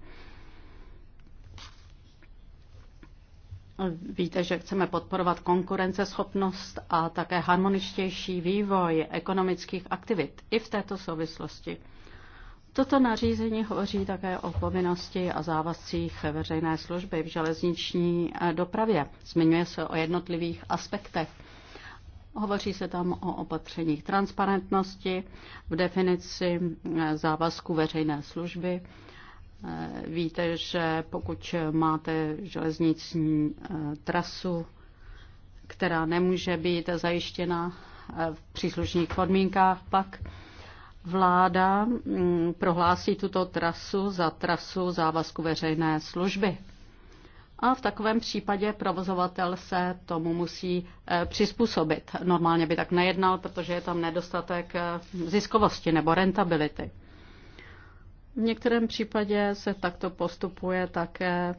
Víte, že chceme podporovat konkurenceschopnost a také harmoničtější vývoj ekonomických aktivit i v této souvislosti. Toto nařízení hovoří také o povinnosti a závazcích veřejné služby v železniční eh, dopravě. Zmiňuje se o jednotlivých aspektech. Hovoří se tam o opatřeních transparentnosti, v definici eh, závazku veřejné služby. Eh, víte, že pokud máte železniční trasu, která nemůže být zajištěna v příslušných podmínkách, pak vláda mm, prohlásí tuto trasu za trasu závazku veřejné služby. A v takovém případě provozovatel se tomu musí eh, přizpůsobit. Normálně by tak nejednal, protože je tam nedostatek eh, ziskovosti nebo rentability. V některém případě se takto postupuje také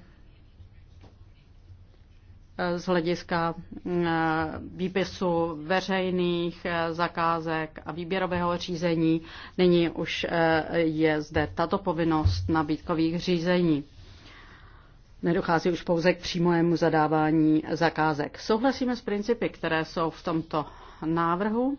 z hlediska eh, výpisu veřejných eh, zakázek a výběrového řízení. Nyní už eh, je zde tato povinnost nabídkových řízení. Nedochází už pouze k přímému zadávání zakázek. Souhlasíme s principy, které jsou v tomto návrhu.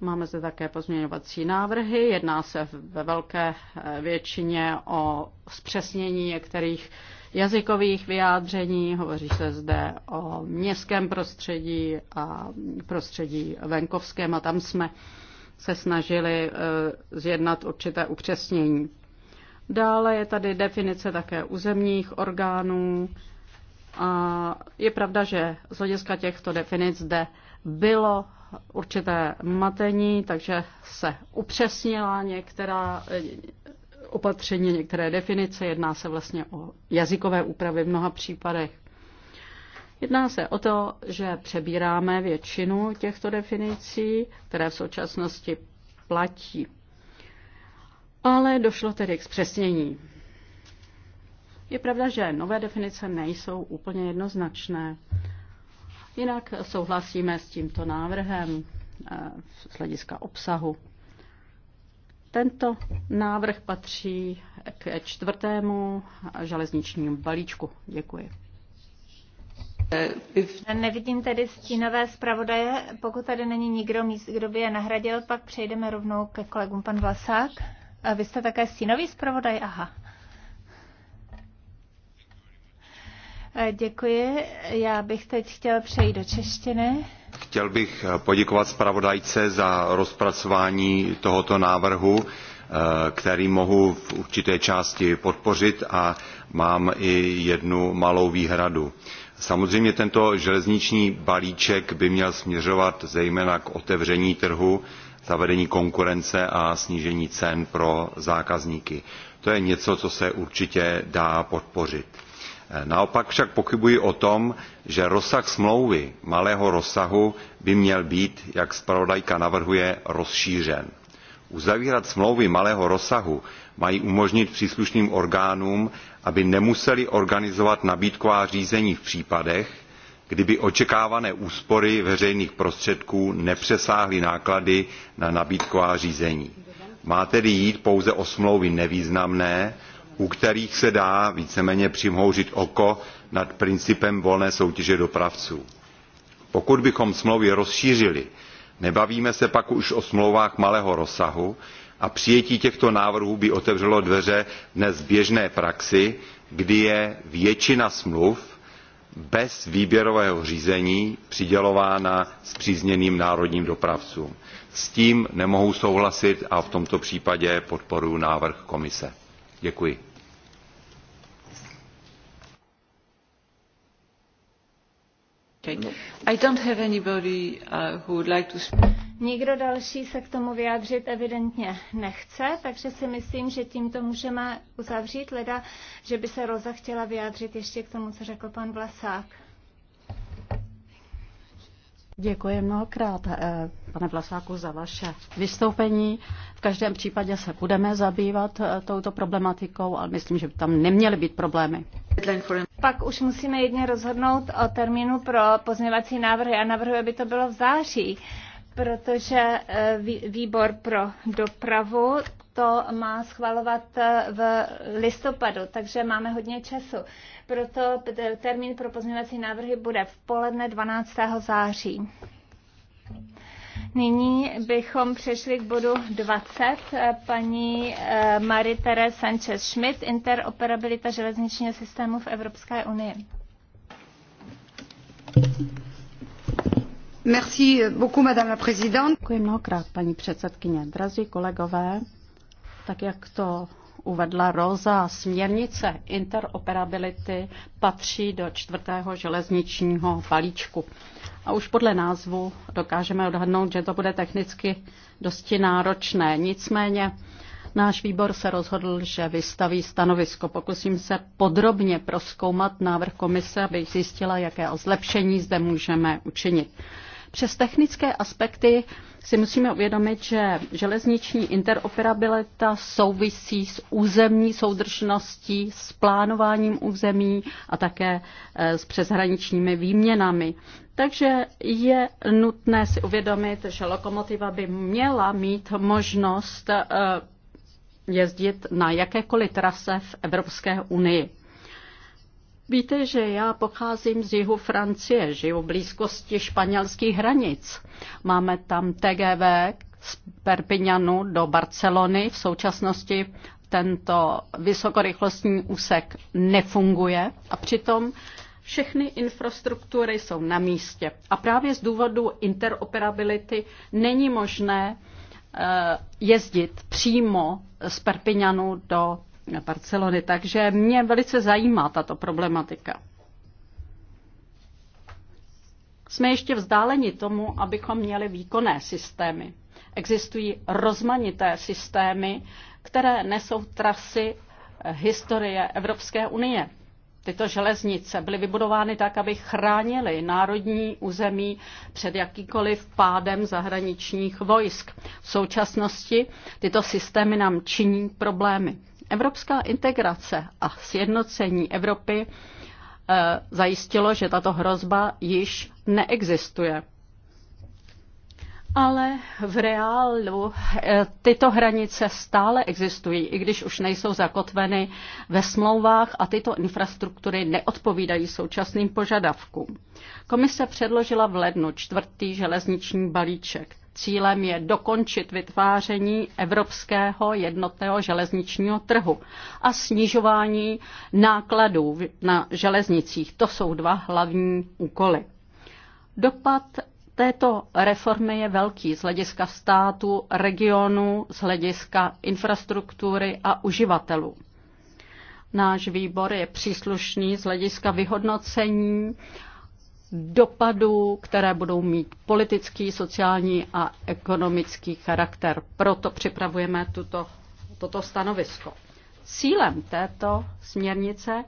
Máme zde také pozměňovací návrhy. Jedná se ve velké většině o zpřesnění některých jazykových vyjádření, hovoří se zde o městském prostředí a prostředí venkovském a tam jsme se snažili eh, zjednat určité upřesnění. Dále je tady definice také územních orgánů a je pravda, že z hlediska těchto definic zde bylo určité matení, takže se upřesnila některá, opatření, některé definice, jedná se vlastně o jazykové úpravy v mnoha případech. Jedná se o to, že přebíráme většinu těchto definicí, které v současnosti platí. Ale došlo tedy k zpřesnění. Je pravda, že nové definice nejsou úplně jednoznačné. Jinak souhlasíme s tímto návrhem eh, z hlediska obsahu. Tento návrh patří k čtvrtému železničnímu balíčku. Děkuji. Eh, Nevidím tady stínové zpravodaje. Pokud tady není nikdo, kdo by je nahradil, pak přejdeme rovnou ke kolegům. Pan Vlasák, a eh, vy jste také stínový zpravodaj? Aha. Eh, děkuji. Já bych teď chtěl přejít do češtiny. Chtěl bych poděkovat zpravodajce za rozpracování tohoto návrhu, eh, který mohu v určité části podpořit a mám i jednu malou výhradu. Samozřejmě tento železniční balíček by měl směřovat zejména k otevření trhu, zavedení konkurence a snížení cen pro zákazníky. To je něco, co se určitě dá podpořit Naopak však pochybuji o tom, že rozsah smlouvy malého rozsahu by měl být, jak zpravodajka navrhuje, rozšířen. Uzavírat smlouvy malého rozsahu mají umožnit příslušným orgánům, aby nemuseli organizovat nabídková řízení v případech, kdyby očekávané úspory veřejných prostředků nepřesáhly náklady na nabídková řízení. Má tedy jít pouze o smlouvy nevýznamné, u kterých se dá víceméně přimhouřit oko nad principem volné soutěže dopravců. Pokud bychom smlouvy rozšířili, nebavíme se pak už o smlouvách malého rozsahu a přijetí těchto návrhů by otevřelo dveře dnes běžné praxi, kdy je většina smluv bez výběrového řízení přidělována spřízněným národním dopravcům. S tím nemohu souhlasit a v tomto případě podporuji návrh komise. Děkuji. Nikdo další se k tomu vyjádřit evidentně nechce, takže si myslím, že tímto můžeme uzavřít leda, že by se rosa chtěla vyjádřit ještě k tomu, co řekl pan Vlasák. Děkuji mnohokrát, eh, pane Vlasáku, za vaše vystoupení. V každém případě se budeme zabývat eh, touto problematikou, ale myslím, že by tam neměly být problémy. Pak už musíme jedně rozhodnout o termínu pro pozměvací návrhy a navrhuji, aby to bylo v září protože eh, výbor pro dopravu to má schvalovat eh, v listopadu, takže máme hodně času. Proto termín pro pozměňovací návrhy bude v poledne 12. září. Nyní bychom přešli k bodu 20. Paní eh, Maritere Sanchez-Schmidt, interoperabilita železničního systému v Evropské unii. Děkuji mnohokrát, paní předsedkyně. Drazí kolegové, tak jak to uvedla Rosa, směrnice interoperability patří do čtvrtého železničního balíčku. A už podle názvu dokážeme odhadnout, že to bude technicky dosti náročné. Nicméně náš výbor se rozhodl, že vystaví stanovisko. Pokusím se podrobně proskoumat návrh komise, abych zjistila, jaké zlepšení zde můžeme učinit. Přes technické aspekty si musíme uvědomit, že železniční interoperabilita souvisí s územní soudržností, s plánováním území a také eh, s přeshraničními výměnami. Takže je nutné si uvědomit, že lokomotiva by měla mít možnost eh, jezdit na jakékoliv trase v Evropské unii. Víte, že já pocházím z jihu Francie, žiju v blízkosti španělských hranic. Máme tam TGV z Perpignanu do Barcelony. V současnosti tento vysokorychlostní úsek nefunguje a přitom všechny infrastruktury jsou na místě. A právě z důvodu interoperability není možné eh, jezdit přímo z Perpignanu do Barcelony. Takže mě velice zajímá tato problematika. Jsme ještě vzdáleni tomu, abychom měli výkonné systémy. Existují rozmanité systémy, které nesou trasy eh, historie Evropské unie. Tyto železnice byly vybudovány tak, aby chránily národní území před jakýkoliv pádem zahraničních vojsk. V současnosti tyto systémy nám činí problémy. Evropská integrace a sjednocení Evropy eh, zajistilo, že tato hrozba již neexistuje. Ale v reálu eh, tyto hranice stále existují, i když už nejsou zakotveny ve smlouvách a tyto infrastruktury neodpovídají současným požadavkům. Komise předložila v lednu čtvrtý železniční balíček. Cílem je dokončit vytváření evropského jednotného železničního trhu a snižování nákladů na železnicích. To jsou dva hlavní úkoly. Dopad této reformy je velký z hlediska státu, regionu, z hlediska infrastruktury a uživatelů. Náš výbor je příslušný z hlediska vyhodnocení dopadů, které budou mít politický, sociální a ekonomický charakter. Proto připravujeme tuto, toto stanovisko. Cílem této směrnice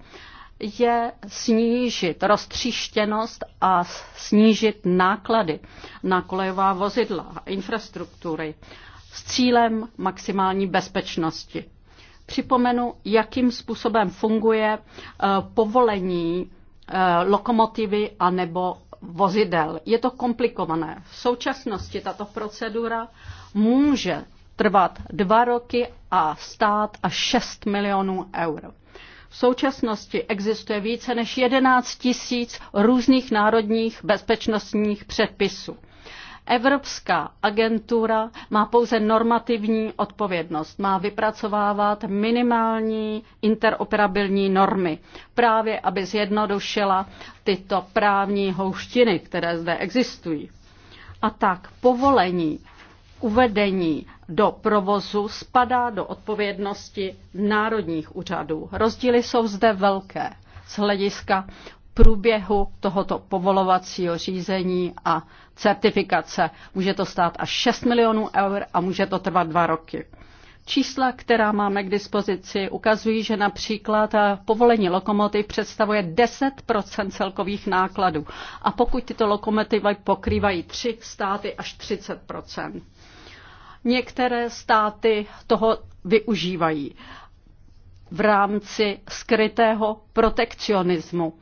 je snížit roztříštěnost a snížit náklady na kolejová vozidla a infrastruktury s cílem maximální bezpečnosti. Připomenu, jakým způsobem funguje eh, povolení Eh, lokomotivy anebo vozidel. Je to komplikované. V současnosti tato procedura může trvat dva roky a stát až 6 milionů eur. V současnosti existuje více než 11 tisíc různých národních bezpečnostních předpisů. Evropská agentura má pouze normativní odpovědnost, má vypracovávat minimální interoperabilní normy, právě aby zjednodušila tyto právní houštiny, které zde existují. A tak povolení uvedení do provozu spadá do odpovědnosti národních úřadů. Rozdíly jsou zde velké z hlediska průběhu tohoto povolovacího řízení a certifikace. Může to stát až 6 milionů eur a může to trvat dva roky. Čísla, která máme k dispozici, ukazují, že například eh, povolení lokomotiv představuje 10 celkových nákladů. A pokud tyto lokomotivy pokrývají tři státy až 30 Některé státy toho využívají v rámci skrytého protekcionismu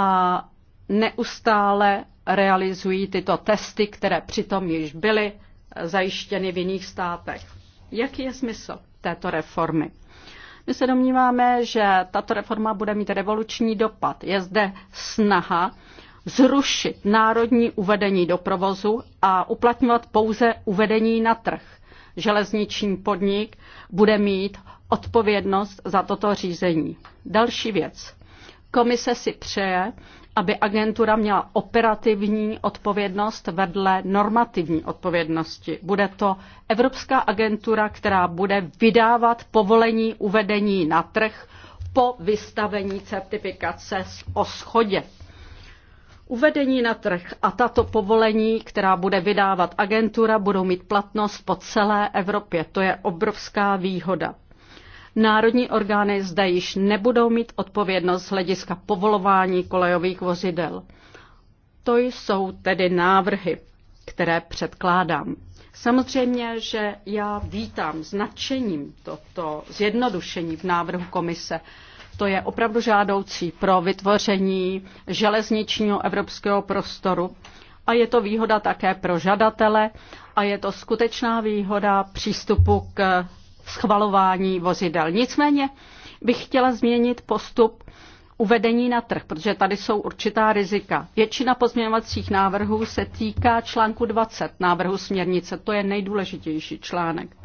a neustále realizují tyto testy, které přitom již byly zajištěny v jiných státech. Jaký je smysl této reformy? My se domníváme, že tato reforma bude mít revoluční dopad. Je zde snaha zrušit národní uvedení do provozu a uplatňovat pouze uvedení na trh. Železniční podnik bude mít odpovědnost za toto řízení. Další věc. Komise si přeje, aby agentura měla operativní odpovědnost vedle normativní odpovědnosti. Bude to Evropská agentura, která bude vydávat povolení uvedení na trh po vystavení certifikace o schodě. Uvedení na trh a tato povolení, která bude vydávat agentura, budou mít platnost po celé Evropě. To je obrovská výhoda národní orgány zde již nebudou mít odpovědnost z hlediska povolování kolejových vozidel. To jsou tedy návrhy, které předkládám. Samozřejmě, že já vítám značením toto zjednodušení v návrhu komise. To je opravdu žádoucí pro vytvoření železničního evropského prostoru a je to výhoda také pro žadatele a je to skutečná výhoda přístupu k schvalování vozidel. Nicméně bych chtěla změnit postup uvedení na trh, protože tady jsou určitá rizika. Většina pozměňovacích návrhů se týká článku 20 návrhu směrnice. To je nejdůležitější článek.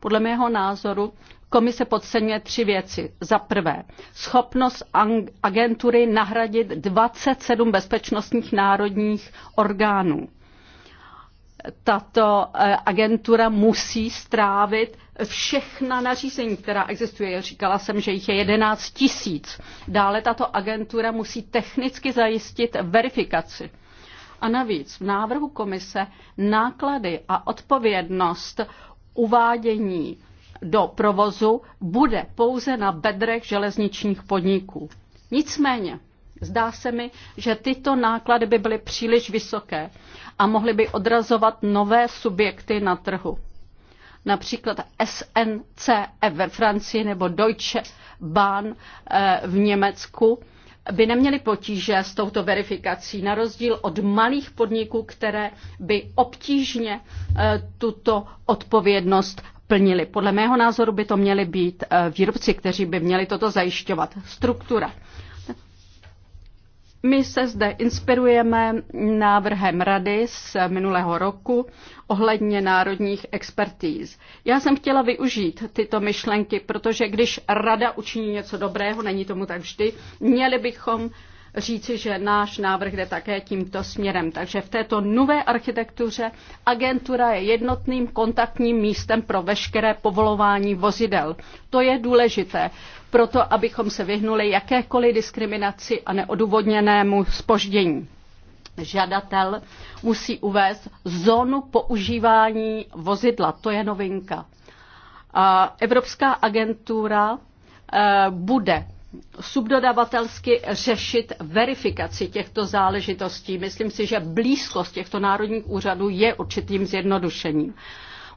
Podle mého názoru komise podceňuje tři věci. Za prvé, schopnost agentury nahradit 27 bezpečnostních národních orgánů tato eh, agentura musí strávit všechna nařízení, která existuje. Říkala jsem, že jich je 11 tisíc. Dále tato agentura musí technicky zajistit verifikaci. A navíc v návrhu komise náklady a odpovědnost uvádění do provozu bude pouze na bedrech železničních podniků. Nicméně Zdá se mi, že tyto náklady by byly příliš vysoké a mohly by odrazovat nové subjekty na trhu. Například SNCF e ve Francii nebo Deutsche Bahn eh, v Německu by neměly potíže s touto verifikací, na rozdíl od malých podniků, které by obtížně eh, tuto odpovědnost plnili. Podle mého názoru by to měli být eh, výrobci, kteří by měli toto zajišťovat. Struktura. My se zde inspirujeme návrhem rady z minulého roku ohledně národních expertíz. Já jsem chtěla využít tyto myšlenky, protože když rada učiní něco dobrého, není tomu tak vždy, měli bychom říci, že náš návrh jde také tímto směrem. Takže v této nové architektuře agentura je jednotným kontaktním místem pro veškeré povolování vozidel. To je důležité proto, abychom se vyhnuli jakékoliv diskriminaci a neodůvodněnému spoždění žadatel musí uvést zónu používání vozidla. To je novinka. Evropská agentura eh, bude subdodavatelsky řešit verifikaci těchto záležitostí. Myslím si, že blízkost těchto národních úřadů je určitým zjednodušením.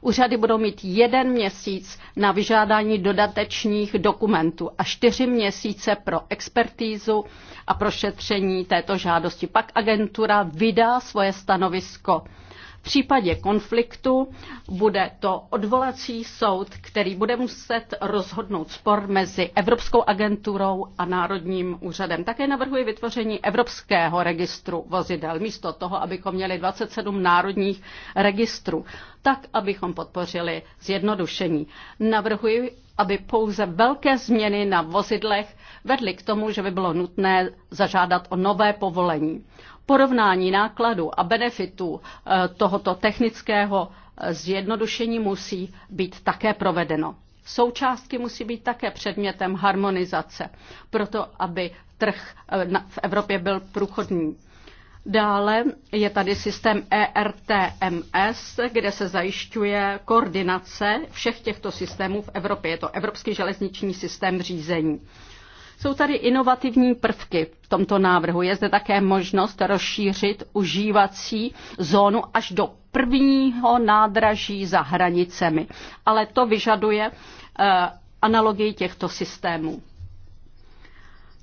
Úřady budou mít jeden měsíc na vyžádání dodatečných dokumentů a čtyři měsíce pro expertízu a prošetření této žádosti. Pak agentura vydá svoje stanovisko v případě konfliktu bude to odvolací soud, který bude muset rozhodnout spor mezi Evropskou agenturou a Národním úřadem. Také navrhuji vytvoření Evropského registru vozidel, místo toho, abychom měli 27 národních registrů, tak, abychom podpořili zjednodušení. Navrhuji aby pouze velké změny na vozidlech vedly k tomu, že by bylo nutné zažádat o nové povolení porovnání nákladu a benefitu eh, tohoto technického eh, zjednodušení musí být také provedeno. Součástky musí být také předmětem harmonizace, proto aby trh eh, v Evropě byl průchodný. Dále je tady systém ERTMS, kde se zajišťuje koordinace všech těchto systémů v Evropě. Je to Evropský železniční systém řízení. Jsou tady inovativní prvky v tomto návrhu. Je zde také možnost rozšířit užívací zónu až do prvního nádraží za hranicemi. Ale to vyžaduje eh, analogii těchto systémů.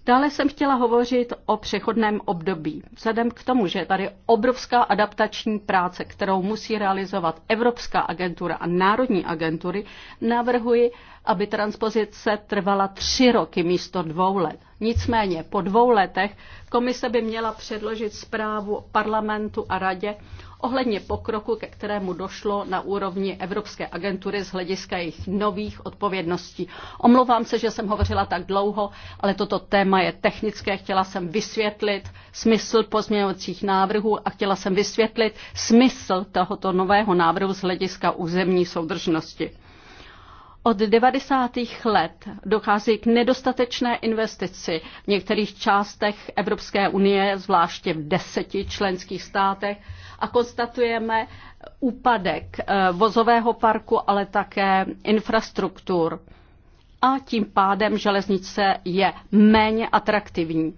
Dále jsem chtěla hovořit o přechodném období. Vzhledem k tomu, že je tady obrovská adaptační práce, kterou musí realizovat Evropská agentura a národní agentury, navrhuji aby transpozice trvala tři roky místo dvou let. Nicméně po dvou letech komise by měla předložit zprávu parlamentu a radě ohledně pokroku, ke kterému došlo na úrovni Evropské agentury z hlediska jejich nových odpovědností. Omlouvám se, že jsem hovořila tak dlouho, ale toto téma je technické. Chtěla jsem vysvětlit smysl pozměňovacích návrhů a chtěla jsem vysvětlit smysl tohoto nového návrhu z hlediska územní soudržnosti. Od 90. let dochází k nedostatečné investici v některých částech Evropské unie, zvláště v deseti členských státech, a konstatujeme úpadek eh, vozového parku, ale také infrastruktur. A tím pádem železnice je méně atraktivní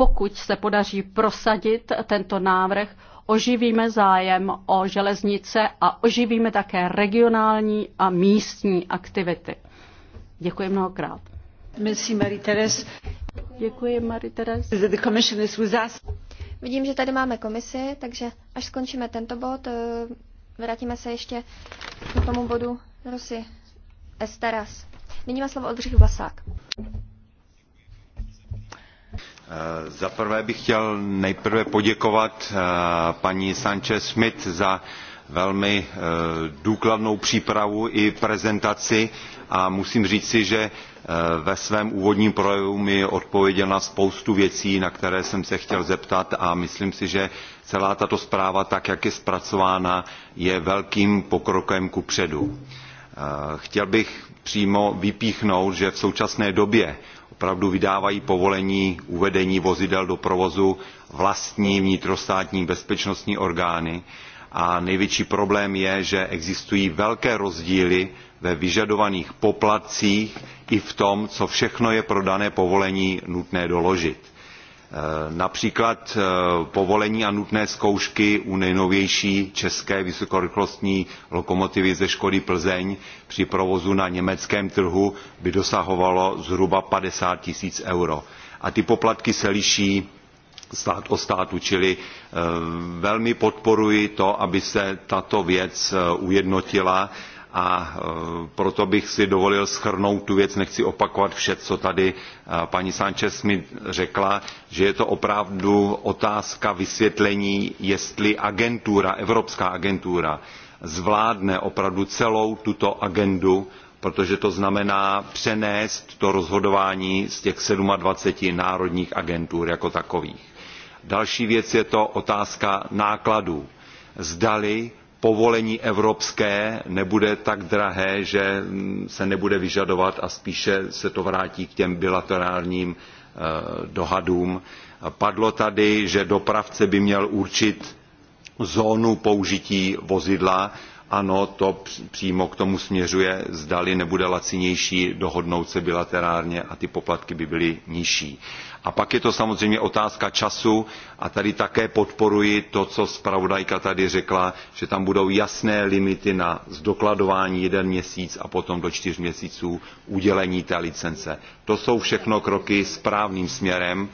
pokud se podaří prosadit tento návrh, oživíme zájem o železnice a oživíme také regionální a místní aktivity. Děkuji mnohokrát. Merci Marie-Thérèse. Děkuji Marie-Thérèse. Vidím, že tady máme komisi, takže až skončíme tento bod, eh, vrátíme se ještě k tomu bodu Rosy Estaras. Nyní má slovo Oldřich Vlasák. Eh, za prvé bych chtěl nejprve poděkovat eh, paní Sanchez Smith za velmi eh, důkladnou přípravu i prezentaci a musím říci, že ve svém úvodním projevu mi odpověděl na spoustu věcí, na které jsem se chtěl zeptat a myslím si, že celá tato zpráva, tak jak je zpracována, je velkým pokrokem kupředu. Chtěl bych přímo vypíchnout, že v současné době opravdu vydávají povolení uvedení vozidel do provozu vlastní vnitrostátní bezpečnostní orgány a největší problém je že existují velké rozdíly ve vyžadovaných poplatcích i v tom co všechno je pro dané povolení nutné doložit Eh, například eh, povolení a nutné zkoušky u nejnovější české vysokorychlostní lokomotivy ze škody plzeň při provozu na německém trhu by dosahovalo zhruba 50 tisíc eur a ty poplatky se liší stát od státu čili eh, velmi podporuji to aby se tato věc ujednotila a e, proto bych si dovolil schrnout tu věc, nechci opakovat vše, co tady e, paní Sánchez mi řekla, že je to opravdu otázka vysvětlení, jestli agentura, Evropská agentura, zvládne opravdu celou tuto agendu, protože to znamená přenést to rozhodování z těch 27 národních agentur jako takových. Další věc je to otázka nákladů. Zdali povolení evropské nebude tak drahé, že mm, se nebude vyžadovat a spíše se to vrátí k těm bilaterálním eh, dohadům. Padlo tady, že dopravce by měl určit zónu použití vozidla ano, to přímo k tomu směřuje, zdali nebude lacinější dohodnout se bilaterálně a ty poplatky by byly nižší. A pak je to samozřejmě otázka času a tady také podporuji to, co zpravodajka tady řekla, že tam budou jasné limity na zdokladování jeden měsíc a potom do čtyř měsíců udělení té licence. To jsou všechno kroky správným směrem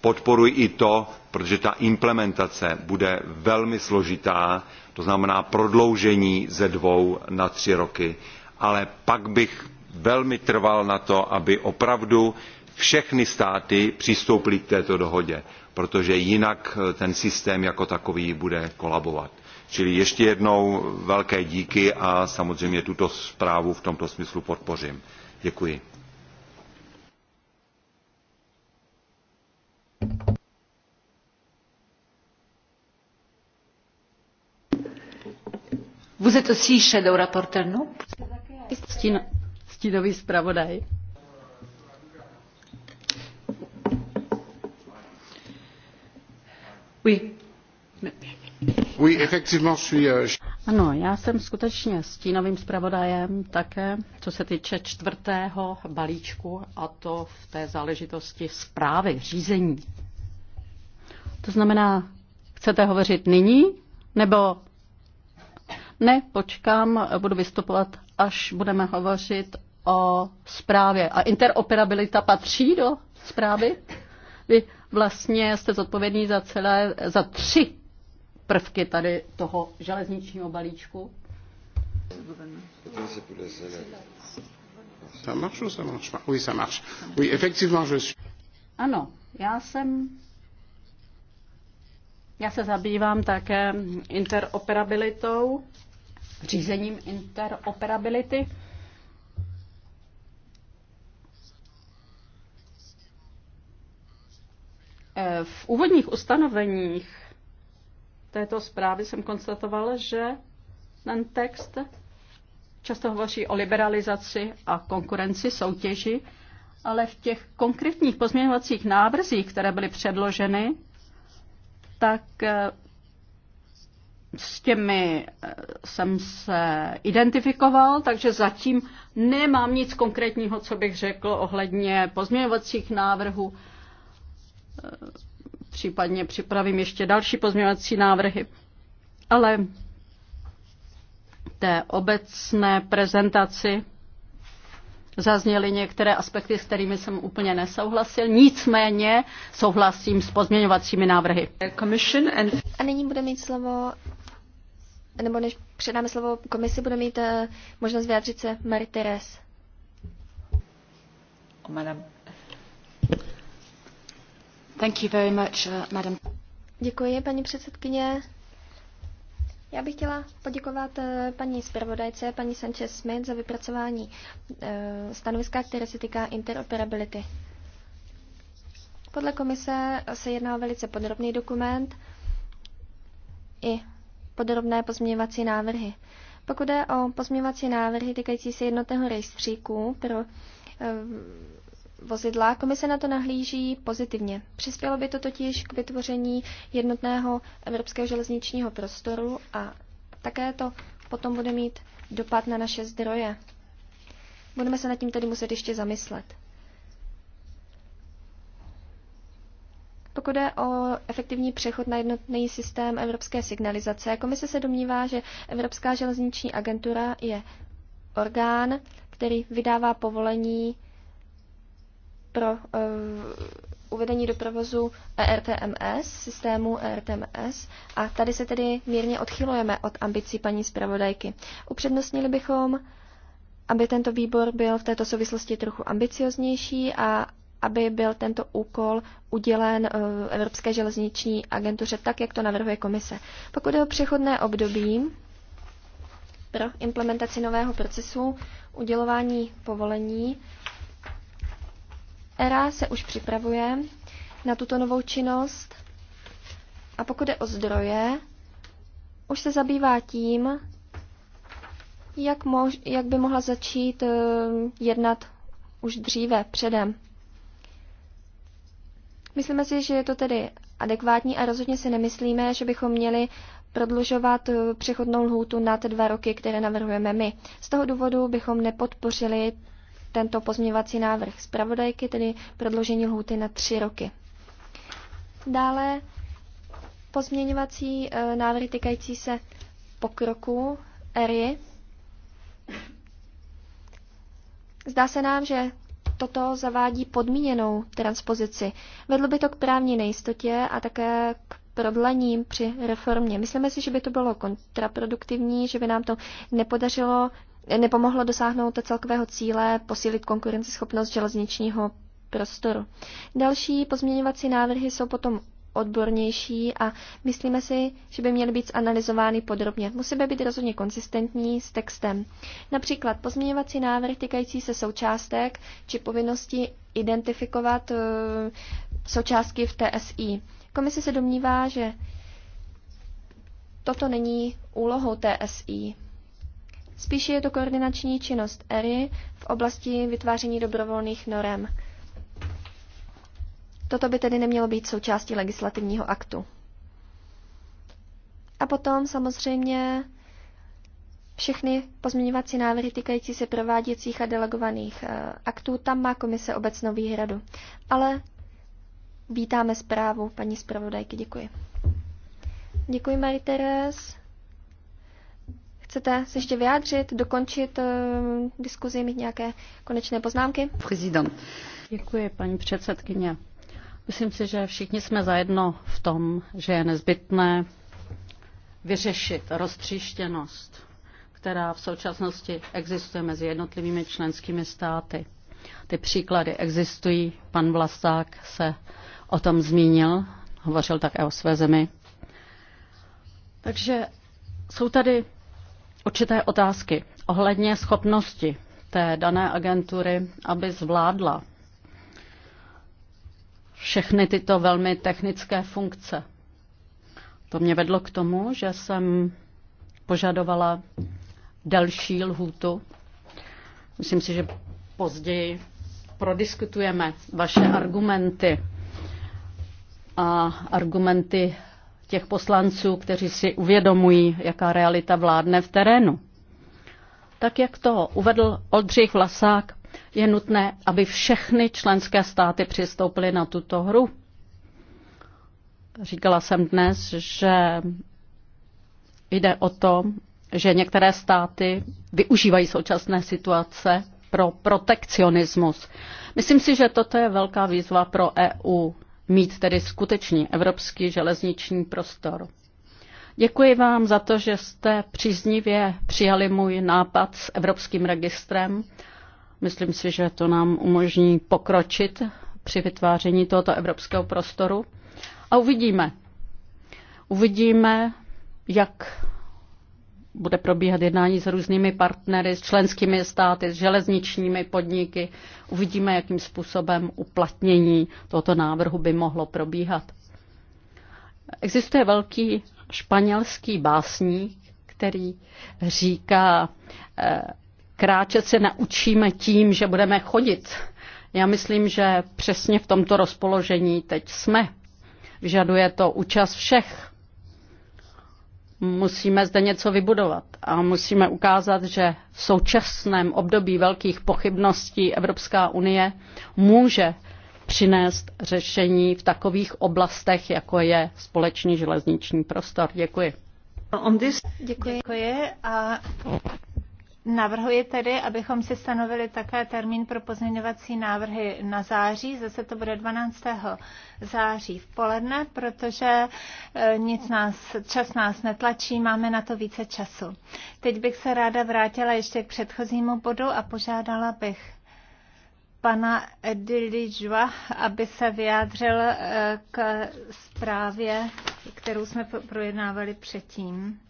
podporuji i to protože ta implementace bude velmi složitá to znamená prodloužení ze dvou na tři roky ale pak bych velmi trval na tom aby opravdu všechny státy přistoupily k této dohodě protože jinak ten systém jako takový bude kolabovat. Čili ještě jednou velké díky a samozřejmě tuto zprávu v tomto smyslu podpořím. Děkuji. Vous êtes aussi shadow rapporteur, non? Stín, stínový zpravodaj. Oui. Euh, ano, já jsem skutečně stínovým zpravodajem také, co se týče čtvrtého balíčku a to v té záležitosti zprávy, řízení. To znamená, chcete hovořit nyní nebo ne, počkám, budu vystupovat, až budeme hovořit o zprávě. A interoperabilita patří do zprávy? Vy vlastně jste zodpovědní za celé, za tři prvky tady toho železničního balíčku? Ano, já jsem já se zabývám také interoperabilitou, řízením interoperability. Eh, v úvodních ustanoveních této zprávy jsem konstatoval, že ten text často hovoří o liberalizaci a konkurenci, soutěži, ale v těch konkrétních pozměňovacích návrzích, které byly předloženy, tak eh, s těmi eh, jsem se identifikoval, takže zatím nemám nic konkrétního, co bych řekl ohledně pozměňovacích návrhů. Eh, případně připravím ještě další pozměňovací návrhy. Ale té obecné prezentaci zazněly některé aspekty, s kterými jsem úplně nesouhlasil. Nicméně souhlasím s pozměňovacími návrhy. A nyní bude mít slovo, nebo než předáme slovo komisi, bude mít eh, možnost vyjádřit se Marie Therese. Oh, madame. Thank you very much, uh, madam. Děkuji, paní předsedkyně. Já bych chtěla poděkovat uh, paní zpravodajce, paní Sanchez Smith, za vypracování uh, stanoviska, které se týká interoperability. Podle komise se jedná o velice podrobný dokument i podrobné pozměňovací návrhy. Pokud jde o pozměňovací návrhy týkající se jednotného rejstříku pro um, vozidla. Komise na to nahlíží pozitivně. Přispělo by to totiž k vytvoření jednotného evropského železničního prostoru a také to potom bude mít dopad na naše zdroje. Budeme se nad tím tedy muset ještě zamyslet. Pokud je o efektivní přechod na jednotný systém evropské signalizace, komise se domnívá, že Evropská železniční agentura je orgán, který vydává povolení pro uh, uvedení do provozu ERTMS, systému ERTMS. A tady se tedy mírně odchylujeme od ambicí paní zpravodajky. Upřednostnili bychom, aby tento výbor byl v této souvislosti trochu ambicioznější a aby byl tento úkol udělen eh, Evropské železniční agentuře tak, jak to navrhuje komise. Pokud je o přechodné období pro implementaci nového procesu udělování povolení, ERA se už připravuje na tuto novou činnost a pokud je o zdroje, už se zabývá tím, jak, mož, jak by mohla začít uh, jednat už dříve, předem. Myslíme si, že je to tedy adekvátní a rozhodně si nemyslíme, že bychom měli prodlužovat e, přechodnou lhůtu nad dva roky, které navrhujeme my. Z toho důvodu bychom nepodpořili tento pozměňovací návrh zpravodajky, tedy prodloužení lhůty na tři roky. Dále pozměňovací e, návrhy týkající se pokroku ERI. Zdá se nám, že toto zavádí podmíněnou transpozici. Vedlo by to k právní nejistotě a také k prodlením při reformě. Myslíme si, že by to bylo kontraproduktivní, že by nám to nepodařilo nepomohlo dosáhnout celkového cíle posílit konkurenceschopnost železničního prostoru. Další pozměňovací návrhy jsou potom odbornější a myslíme si, že by měly být analyzovány podrobně. Musíme být rozhodně konsistentní s textem. Například pozměňovací návrh týkající se součástek či povinnosti identifikovat eh, součástky v TSI. Komise se domnívá, že toto není úlohou TSI. Spíše je to koordinační činnost ERI v oblasti vytváření dobrovolných norem. Toto by tedy nemělo být součástí legislativního aktu. A potom samozřejmě všechny pozměňovací návrhy týkající se prováděcích a delegovaných eh, aktů, tam má komise obecnou výhradu. Ale vítáme zprávu paní zpravodajky, děkuji. Děkuji, Marie Therese. Chcete se ještě vyjádřit, dokončit uh, diskuzi, mít nějaké konečné poznámky? Prezident. Děkuji, paní předsedkyně. Myslím si, že všichni jsme zajedno v tom, že je nezbytné vyřešit roztříštěnost, která v současnosti existuje mezi jednotlivými členskými státy. Ty příklady existují, pan Vlasák se o tom zmínil, hovořil také o své zemi. Takže jsou tady určité otázky ohledně schopnosti té dané agentury, aby zvládla všechny tyto velmi technické funkce. To mě vedlo k tomu, že jsem požadovala delší lhůtu. Myslím si, že později prodiskutujeme vaše argumenty a argumenty těch poslanců, kteří si uvědomují, jaká realita vládne v terénu. Tak jak to uvedl Oldřich Vlasák, je nutné, aby všechny členské státy přistoupily na tuto hru. Říkala jsem dnes, že jde o to, že některé státy využívají současné situace pro protekcionismus. Myslím si, že toto je velká výzva pro EU mít tedy skutečný evropský železniční prostor. Děkuji vám za to, že jste příznivě přijali můj nápad s Evropským registrem. Myslím si, že to nám umožní pokročit při vytváření tohoto evropského prostoru. A uvidíme. Uvidíme, jak bude probíhat jednání s různými partnery, s členskými státy, s železničními podniky. Uvidíme, jakým způsobem uplatnění tohoto návrhu by mohlo probíhat. Existuje velký španělský básník, který říká, eh, kráčet se naučíme tím, že budeme chodit. Já myslím, že přesně v tomto rozpoložení teď jsme. Vyžaduje to účast všech musíme zde něco vybudovat a musíme ukázat, že v současném období velkých pochybností Evropská unie může přinést řešení v takových oblastech, jako je společný železniční prostor. Děkuji. Děkuji. Děkuji. A Navrhuji tedy, abychom si stanovili také termín pro pozměňovací návrhy na září, zase to bude 12. září v poledne, protože e, nic nás, čas nás netlačí, máme na to více času. Teď bych se ráda vrátila ještě k předchozímu bodu a požádala bych pana Edilidžva, aby se vyjádřil e, k zprávě, kterou jsme projednávali předtím.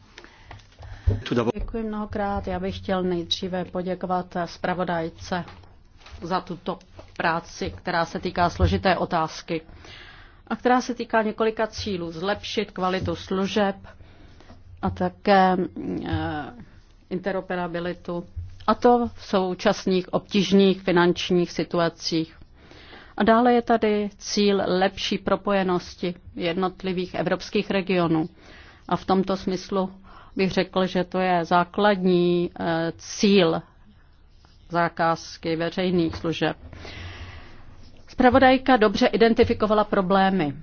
Děkuji mnohokrát. Já bych chtěl nejdříve poděkovat zpravodajce za tuto práci, která se týká složité otázky a která se týká několika cílů. Zlepšit kvalitu služeb a také eh, interoperabilitu, a to v současných obtížných finančních situacích. A dále je tady cíl lepší propojenosti jednotlivých evropských regionů. A v tomto smyslu bych řekl, že to je základní eh, cíl zákazky veřejných služeb. Spravodajka dobře identifikovala problémy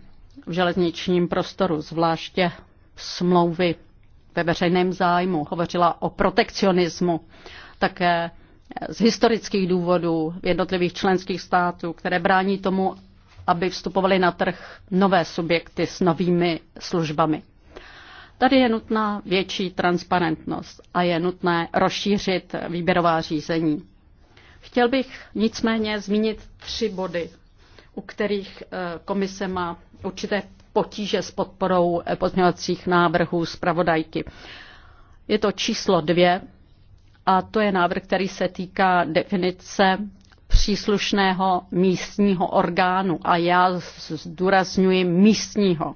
v železničním prostoru, zvláště smlouvy ve veřejném zájmu. Hovořila o protekcionismu, také z historických důvodů jednotlivých členských států, které brání tomu, aby vstupovaly na trh nové subjekty s novými službami. Tady je nutná větší transparentnost a je nutné rozšířit výběrová řízení. Chtěl bych nicméně zmínit tři body, u kterých eh, komise má určité potíže s podporou eh, pozměňovacích návrhů zpravodajky. Je to číslo dvě a to je návrh, který se týká definice příslušného místního orgánu a já zdůrazňuji místního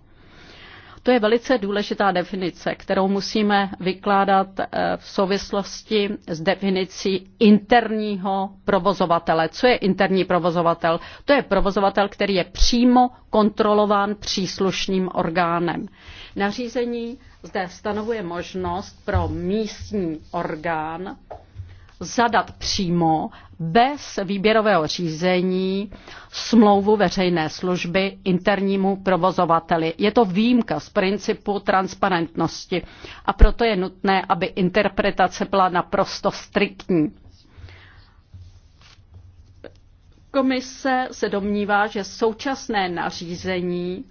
to je velice důležitá definice, kterou musíme vykládat eh, v souvislosti s definicí interního provozovatele. Co je interní provozovatel? To je provozovatel, který je přímo kontrolován příslušným orgánem. Nařízení zde stanovuje možnost pro místní orgán zadat přímo bez výběrového řízení smlouvu veřejné služby internímu provozovateli. Je to výjimka z principu transparentnosti a proto je nutné, aby interpretace byla naprosto striktní. Komise se domnívá, že současné nařízení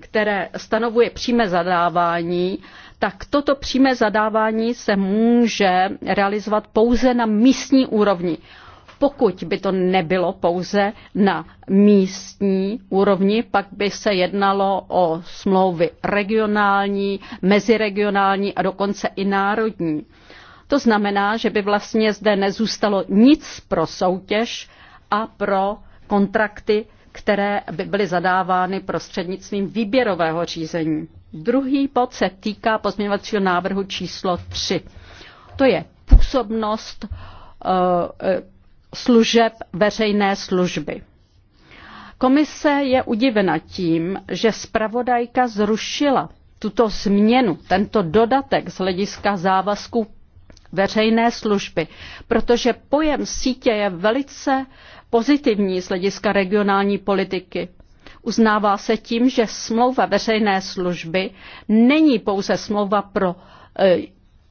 které stanovuje přímé zadávání, tak toto přímé zadávání se může realizovat pouze na místní úrovni. Pokud by to nebylo pouze na místní úrovni, pak by se jednalo o smlouvy regionální, meziregionální a dokonce i národní. To znamená, že by vlastně zde nezůstalo nic pro soutěž a pro kontrakty které by byly zadávány prostřednictvím výběrového řízení. Druhý bod se týká pozměňovacího návrhu číslo 3. To je působnost eh, eh, služeb veřejné služby. Komise je udivena tím, že zpravodajka zrušila tuto změnu, tento dodatek z hlediska závazků veřejné služby, protože pojem sítě je velice pozitivní z hlediska regionální politiky. Uznává se tím, že smlouva veřejné služby není pouze smlouva pro e,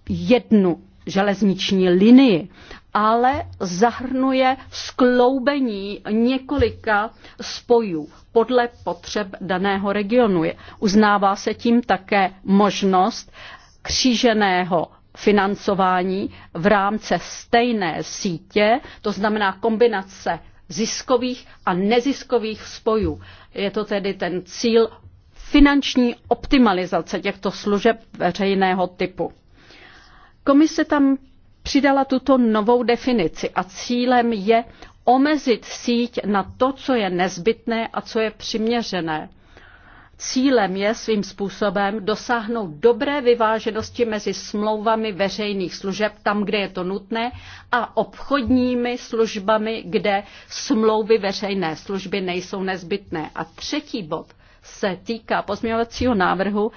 jednu železniční linii, ale zahrnuje skloubení několika spojů podle potřeb daného regionu. Uznává se tím také možnost kříženého financování v rámci stejné sítě, to znamená kombinace ziskových a neziskových spojů. Je to tedy ten cíl finanční optimalizace těchto služeb veřejného typu. Komise tam přidala tuto novou definici a cílem je omezit síť na to, co je nezbytné a co je přiměřené. Cílem je svým způsobem dosáhnout dobré vyváženosti mezi smlouvami veřejných služeb tam, kde je to nutné, a obchodními službami, kde smlouvy veřejné služby nejsou nezbytné. A třetí bod se týká pozměňovacího návrhu,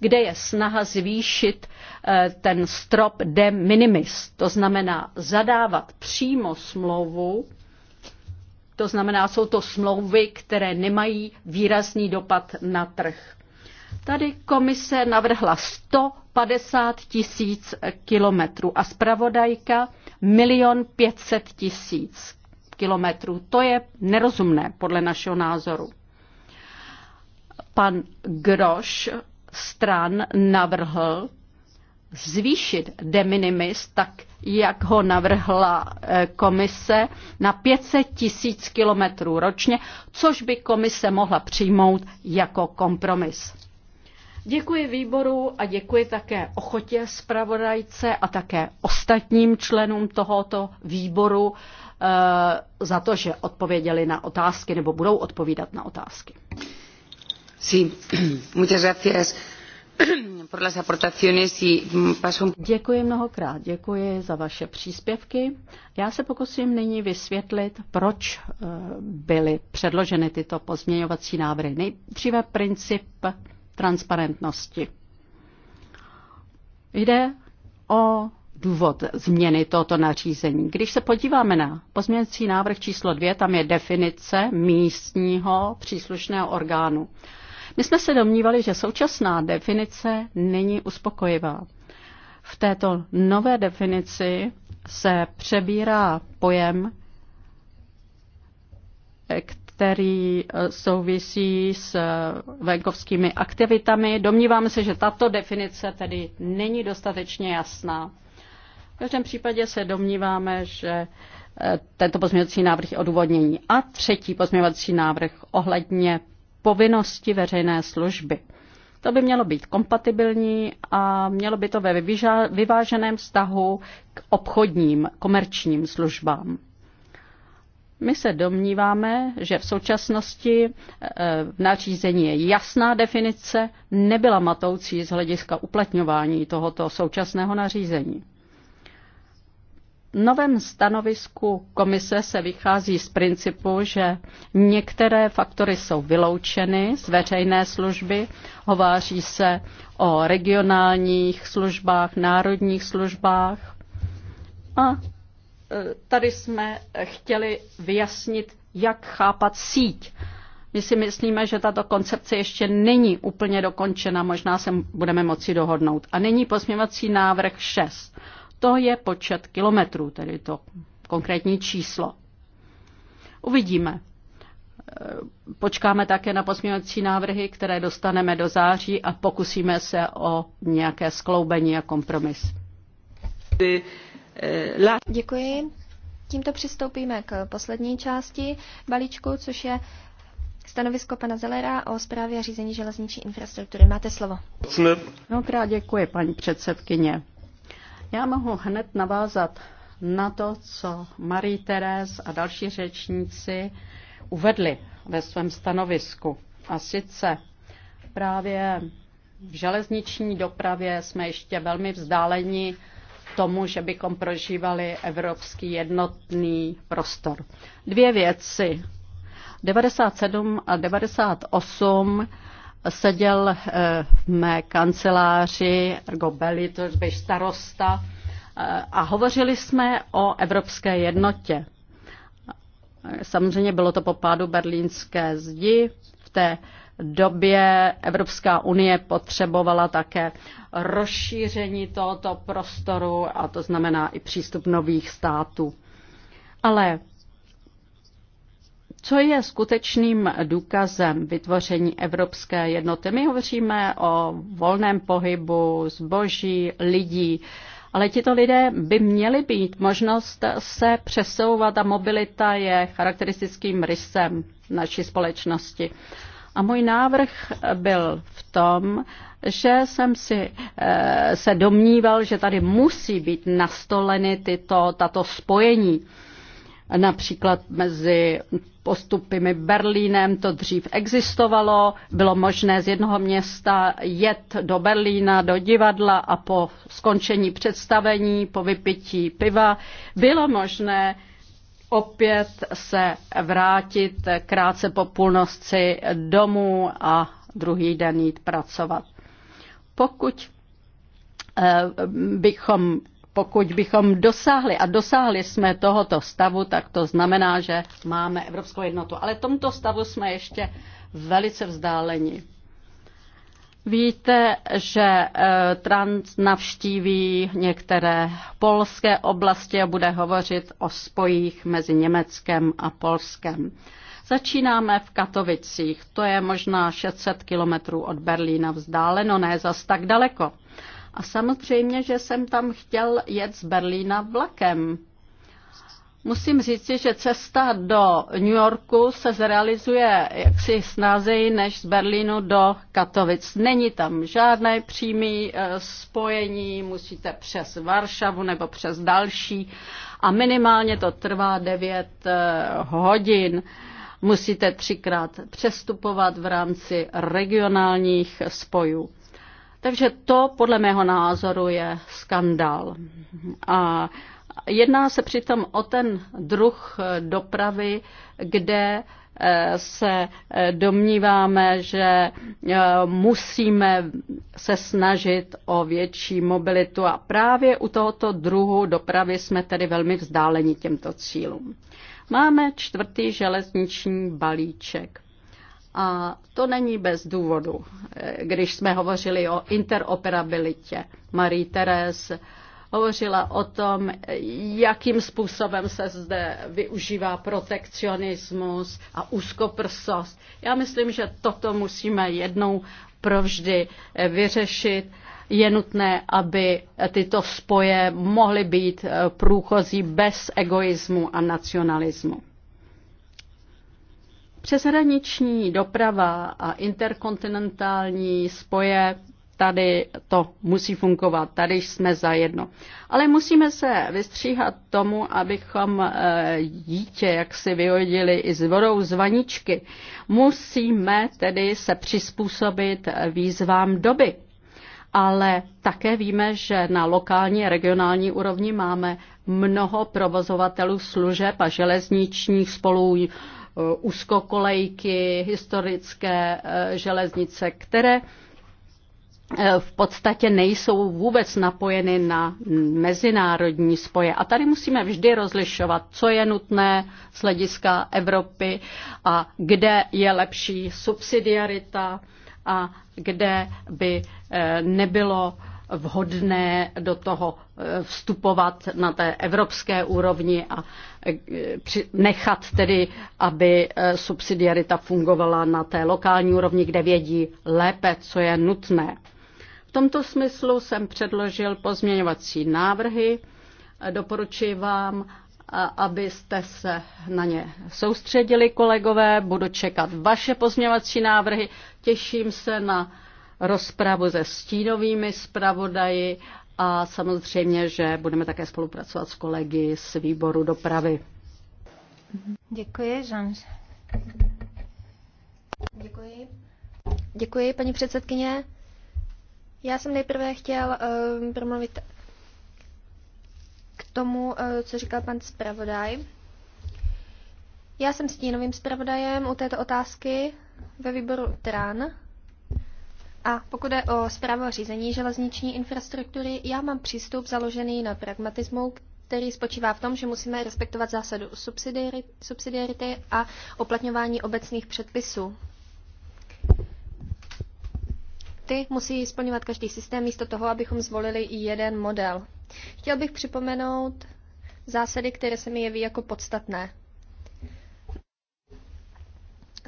kde je snaha zvýšit eh, ten strop de minimis, to znamená zadávat přímo smlouvu to znamená, jsou to smlouvy, které nemají výrazný dopad na trh. Tady komise navrhla 150 tisíc kilometrů a zpravodajka milion 500 tisíc kilometrů. To je nerozumné podle našeho názoru. Pan Groš stran navrhl zvýšit de minimis, tak jak ho navrhla eh, komise, na 500 tisíc kilometrů ročně, což by komise mohla přijmout jako kompromis. Děkuji výboru a děkuji také ochotě zpravodajce a také ostatním členům tohoto výboru eh, za to, že odpověděli na otázky nebo budou odpovídat na otázky. Sí, *clears throat* muchas gracias. *clears throat* Mm, děkuji mnohokrát, děkuji za vaše příspěvky. Já se pokusím nyní vysvětlit, proč eh, byly předloženy tyto pozměňovací návrhy. Nejdříve princip transparentnosti. Jde o důvod změny tohoto nařízení. Když se podíváme na pozměňovací návrh číslo 2, tam je definice místního příslušného orgánu. My jsme se domnívali, že současná definice není uspokojivá. V této nové definici se přebírá pojem, který eh, souvisí s eh, venkovskými aktivitami. Domníváme se, že tato definice tedy není dostatečně jasná. V každém případě se domníváme, že eh, tento pozměňovací návrh je odůvodnění. A třetí pozměňovací návrh ohledně povinnosti veřejné služby. To by mělo být kompatibilní a mělo by to ve vyváženém vztahu k obchodním, komerčním službám. My se domníváme, že v současnosti e, v nařízení je jasná definice, nebyla matoucí z hlediska uplatňování tohoto současného nařízení novém stanovisku komise se vychází z principu, že některé faktory jsou vyloučeny z veřejné služby. Hováří se o regionálních službách, národních službách. A e, tady jsme chtěli vyjasnit, jak chápat síť. My si myslíme, že tato koncepce ještě není úplně dokončena, možná se budeme moci dohodnout. A nyní posměvací návrh 6 to je počet kilometrů, tedy to konkrétní číslo. Uvidíme. E, počkáme také na pozměňovací návrhy, které dostaneme do září a pokusíme se o nějaké skloubení a kompromis. Děkuji. Tímto přistoupíme k poslední části balíčku, což je Stanovisko pana Zelera o zprávě a řízení železniční infrastruktury. Máte slovo. Mnohokrát děkuji, paní předsedkyně. Já mohu hned navázat na to, co Marie Teres a další řečníci uvedli ve svém stanovisku. A sice právě v železniční dopravě jsme ještě velmi vzdáleni tomu, že bychom prožívali evropský jednotný prostor. Dvě věci. 97 a 98 seděl eh, v mé kanceláři Gobeli, to je starosta, eh, a hovořili jsme o evropské jednotě. Samozřejmě bylo to po pádu berlínské zdi. V té době Evropská unie potřebovala také rozšíření tohoto prostoru, a to znamená i přístup nových států. Ale co je skutečným důkazem vytvoření evropské jednoty? My hovoříme o volném pohybu zboží, lidí, ale tito lidé by měli být možnost se přesouvat a mobilita je charakteristickým rysem naší společnosti. A můj návrh byl v tom, že jsem si eh, se domníval, že tady musí být nastoleny tyto, tato spojení například mezi postupy Berlínem to dřív existovalo, bylo možné z jednoho města jet do Berlína, do divadla a po skončení představení, po vypití piva, bylo možné opět se vrátit krátce po půlnoci domů a druhý den jít pracovat. Pokud eh, bychom pokud bychom dosáhli a dosáhli jsme tohoto stavu, tak to znamená, že máme evropskou jednotu. Ale tomto stavu jsme ještě velice vzdáleni. Víte, že eh, Trans navštíví některé polské oblasti a bude hovořit o spojích mezi Německem a Polskem. Začínáme v Katovicích, to je možná 600 kilometrů od Berlína vzdáleno, ne zas tak daleko. A samozřejmě, že jsem tam chtěl jet z Berlína vlakem. Musím říci, že cesta do New Yorku se zrealizuje jaksi snázeji než z Berlínu do Katovic. Není tam žádné přímé e, spojení, musíte přes Varšavu nebo přes další a minimálně to trvá 9 e, hodin. Musíte třikrát přestupovat v rámci regionálních spojů. Takže to podle mého názoru je skandál. A jedná se přitom o ten druh dopravy, kde eh, se eh, domníváme, že eh, musíme se snažit o větší mobilitu a právě u tohoto druhu dopravy jsme tedy velmi vzdáleni těmto cílům. Máme čtvrtý železniční balíček. A to není bez důvodu, když jsme hovořili o interoperabilitě. Marie Therese hovořila o tom, jakým způsobem se zde využívá protekcionismus a úzkoprsost. Já myslím, že toto musíme jednou provždy vyřešit. Je nutné, aby tyto spoje mohly být průchozí bez egoismu a nacionalismu. Přeshraniční doprava a interkontinentální spoje, tady to musí fungovat, tady jsme zajedno. Ale musíme se vystříhat tomu, abychom eh, dítě jaksi vyhodili i s vodou z vaničky. Musíme tedy se přizpůsobit eh, výzvám doby. Ale také víme, že na lokální a regionální úrovni máme mnoho provozovatelů služeb a železničních spolů Eh, úzkokolejky, historické eh, železnice, které eh, v podstatě nejsou vůbec napojeny na mezinárodní spoje. A tady musíme vždy rozlišovat, co je nutné z hlediska Evropy a kde je lepší subsidiarita a kde by nebylo vhodné do toho vstupovat na té evropské úrovni a nechat tedy, aby eh, subsidiarita fungovala na té lokální úrovni, kde vědí lépe, co je nutné. V tomto smyslu jsem předložil pozměňovací návrhy. Doporučuji vám, abyste se na ně soustředili, kolegové. Budu čekat vaše pozměňovací návrhy. Těším se na rozpravu se stínovými zpravodaji a samozřejmě, že budeme také spolupracovat s kolegy z výboru dopravy. Děkuji, Jean. Děkuji. Děkuji, paní předsedkyně. Já jsem nejprve chtěl uh, promluvit k tomu, uh, co říkal pan zpravodaj. Já jsem stínovým zpravodajem u této otázky ve výboru TRAN a pokud je o zprávu řízení železniční infrastruktury, já mám přístup založený na pragmatismu, který spočívá v tom, že musíme respektovat zásadu subsidiarity a oplatňování obecných předpisů. Ty musí splňovat každý systém místo toho, abychom zvolili i jeden model. Chtěl bych připomenout zásady, které se mi jeví jako podstatné.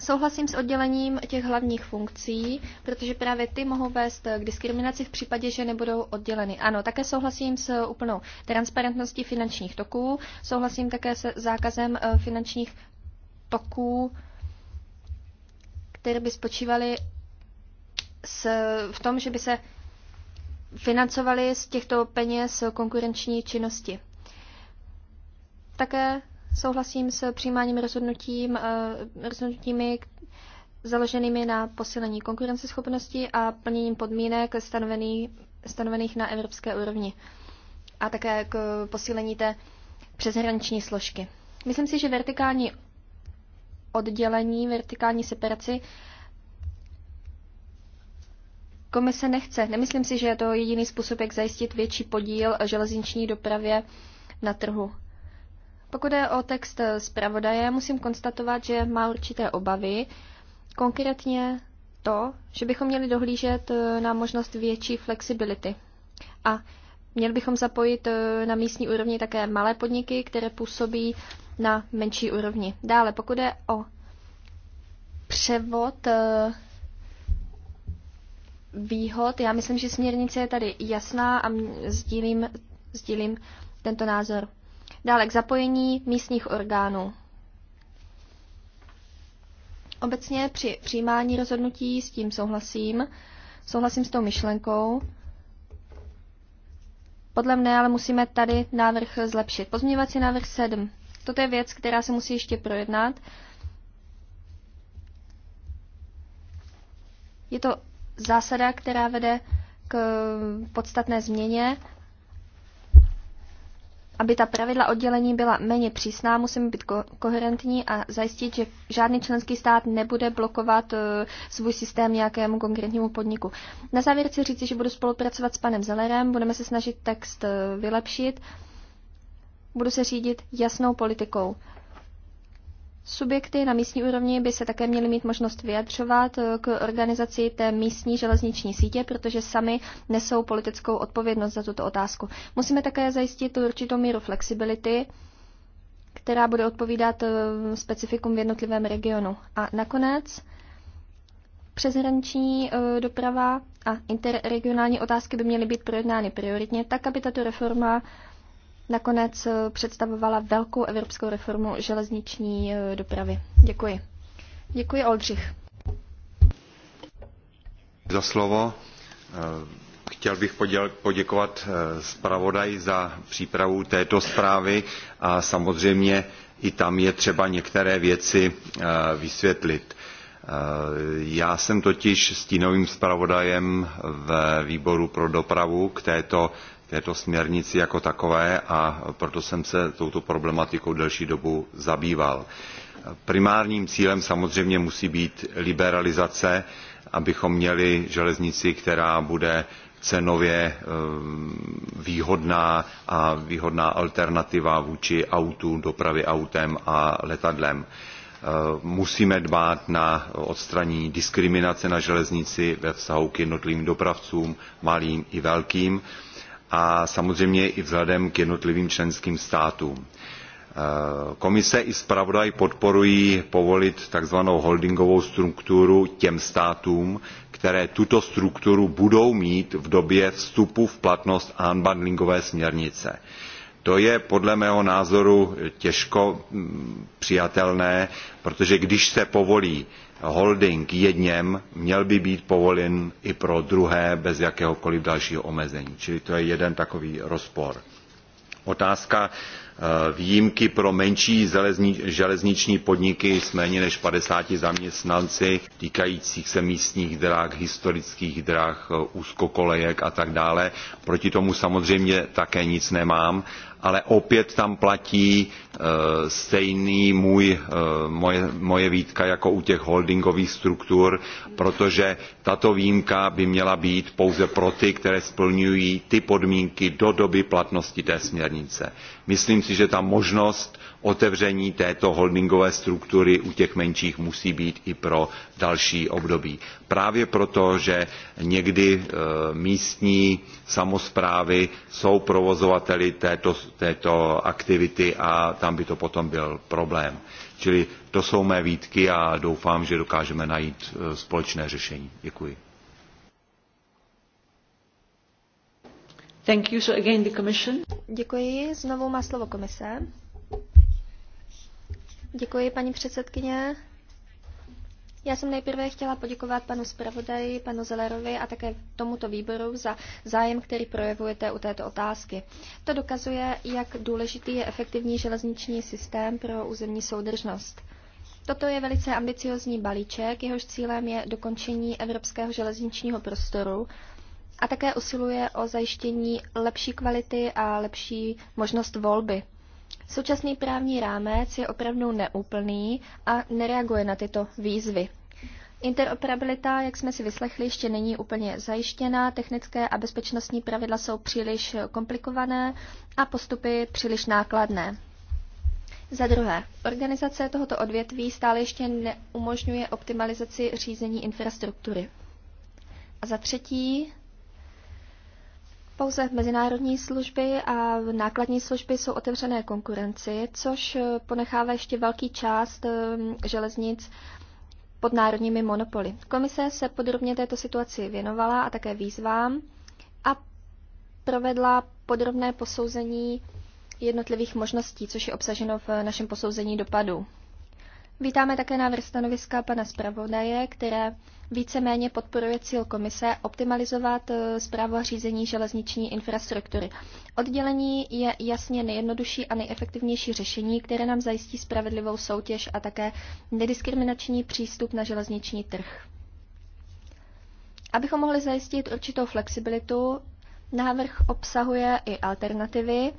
Souhlasím s oddělením těch hlavních funkcí, protože právě ty mohou vést k diskriminaci v případě, že nebudou odděleny. Ano, také souhlasím s úplnou transparentností finančních toků, souhlasím také se zákazem eh, finančních toků, které by spočívaly s, v tom, že by se financovaly z těchto peněz konkurenční činnosti. Také Souhlasím s přijímáním rozhodnutím, eh, rozhodnutími založenými na posílení konkurenceschopnosti a plněním podmínek stanovených, stanovených na evropské úrovni a také k posílení té přeshraniční složky. Myslím si, že vertikální oddělení, vertikální separaci komise nechce. Nemyslím si, že je to jediný způsob, jak zajistit větší podíl železniční dopravě na trhu. Pokud je o text zpravodaje, musím konstatovat, že má určité obavy, konkrétně to, že bychom měli dohlížet eh, na možnost větší flexibility. A měli bychom zapojit eh, na místní úrovni také malé podniky, které působí na menší úrovni. Dále, pokud je o převod eh, výhod, já myslím, že směrnice je tady jasná a sdílím, sdílím tento názor. Dále k zapojení místních orgánů. Obecně při přijímání rozhodnutí s tím souhlasím. Souhlasím s tou myšlenkou. Podle mne ale musíme tady návrh zlepšit. Pozměňovací návrh 7. Toto je věc, která se musí ještě projednat. Je to zásada, která vede k podstatné změně aby ta pravidla oddělení byla méně přísná, musíme být ko- koherentní a zajistit, že žádný členský stát nebude blokovat uh, svůj systém nějakému konkrétnímu podniku. Na závěr chci říct, že budu spolupracovat s panem Zelerem, budeme se snažit text uh, vylepšit, budu se řídit jasnou politikou. Subjekty na místní úrovni by se také měly mít možnost vyjadřovat eh, k organizaci té místní železniční sítě, protože sami nesou politickou odpovědnost za tuto otázku. Musíme také zajistit určitou míru flexibility, která bude odpovídat eh, specifikum v jednotlivém regionu. A nakonec přeshraniční eh, doprava a interregionální otázky by měly být projednány prioritně, tak aby tato reforma nakonec eh, představovala velkou evropskou reformu železniční eh, dopravy. Děkuji. Děkuji, Oldřich. Za slovo. Eh, chtěl bych poděkovat zpravodaj za přípravu této zprávy a samozřejmě i tam je třeba některé věci vysvětlit. Já jsem totiž stínovým zpravodajem v výboru pro dopravu k této této směrnici jako takové a proto jsem se touto problematikou delší dobu zabýval. Primárním cílem samozřejmě musí být liberalizace, abychom měli železnici, která bude cenově ehm, výhodná a výhodná alternativa vůči autu, dopravě autem a letadlem. Ehm, musíme dbát na odstranění diskriminace na železnici ve vztahu k jednotlivým dopravcům, malým i velkým a samozřejmě i vzhledem k jednotlivým členským státům. E, komise i zpravodaj podporují povolit takzvanou holdingovou strukturu těm státům, které tuto strukturu budou mít v době vstupu v platnost unbundlingové směrnice. To je podle mého názoru těžko mm, přijatelné, protože když se povolí holding jedněm, měl by být povolen i pro druhé bez jakéhokoliv dalšího omezení. Čili to je jeden takový rozpor. Otázka eh, výjimky pro menší železniční podniky s méně než 50 zaměstnanci týkajících se místních drah, historických drah, eh, úzkokolejek a tak dále. Proti tomu samozřejmě také nic nemám, ale opět tam platí e, stejný můj, e, moje, moje výtka jako u těch holdingových struktur, protože tato výjimka by měla být pouze pro ty, které splňují ty podmínky do doby platnosti té směrnice. Myslím si, že ta možnost otevření této holdingové struktury u těch menších musí být i pro další období. Právě proto, že někdy e, místní samosprávy jsou provozovateli této, této aktivity a tam by to potom byl problém. Čili to jsou mé výtky a doufám, že dokážeme najít e, společné řešení. Děkuji. Thank you. So again the commission. Děkuji. Znovu má slovo komise. Děkuji, paní předsedkyně. Já jsem nejprve chtěla poděkovat panu zpravodaji, panu Zelerovi a také tomuto výboru za zájem, který projevujete u této otázky. To dokazuje, jak důležitý je efektivní železniční systém pro územní soudržnost. Toto je velice ambiciozní balíček, jehož cílem je dokončení evropského železničního prostoru a také usiluje o zajištění lepší kvality a lepší možnost volby Současný právní rámec je opravdu neúplný a nereaguje na tyto výzvy. Interoperabilita, jak jsme si vyslechli, ještě není úplně zajištěná, technické a bezpečnostní pravidla jsou příliš komplikované a postupy příliš nákladné. Za druhé, organizace tohoto odvětví stále ještě neumožňuje optimalizaci řízení infrastruktury. A za třetí, pouze mezinárodní služby a nákladní služby jsou otevřené konkurenci, což eh, ponechává ještě velký část eh, železnic pod národními monopoly. Komise se podrobně této situaci věnovala a také výzvám a provedla podrobné posouzení jednotlivých možností, což je obsaženo v našem posouzení dopadu. Vítáme také návrh stanoviska pana zpravodaje, které víceméně podporuje cíl komise optimalizovat zprávu eh, a řízení železniční infrastruktury. Oddělení je jasně nejjednodušší a nejefektivnější řešení, které nám zajistí spravedlivou soutěž a také nediskriminační přístup na železniční trh. Abychom mohli zajistit určitou flexibilitu, návrh obsahuje i alternativy,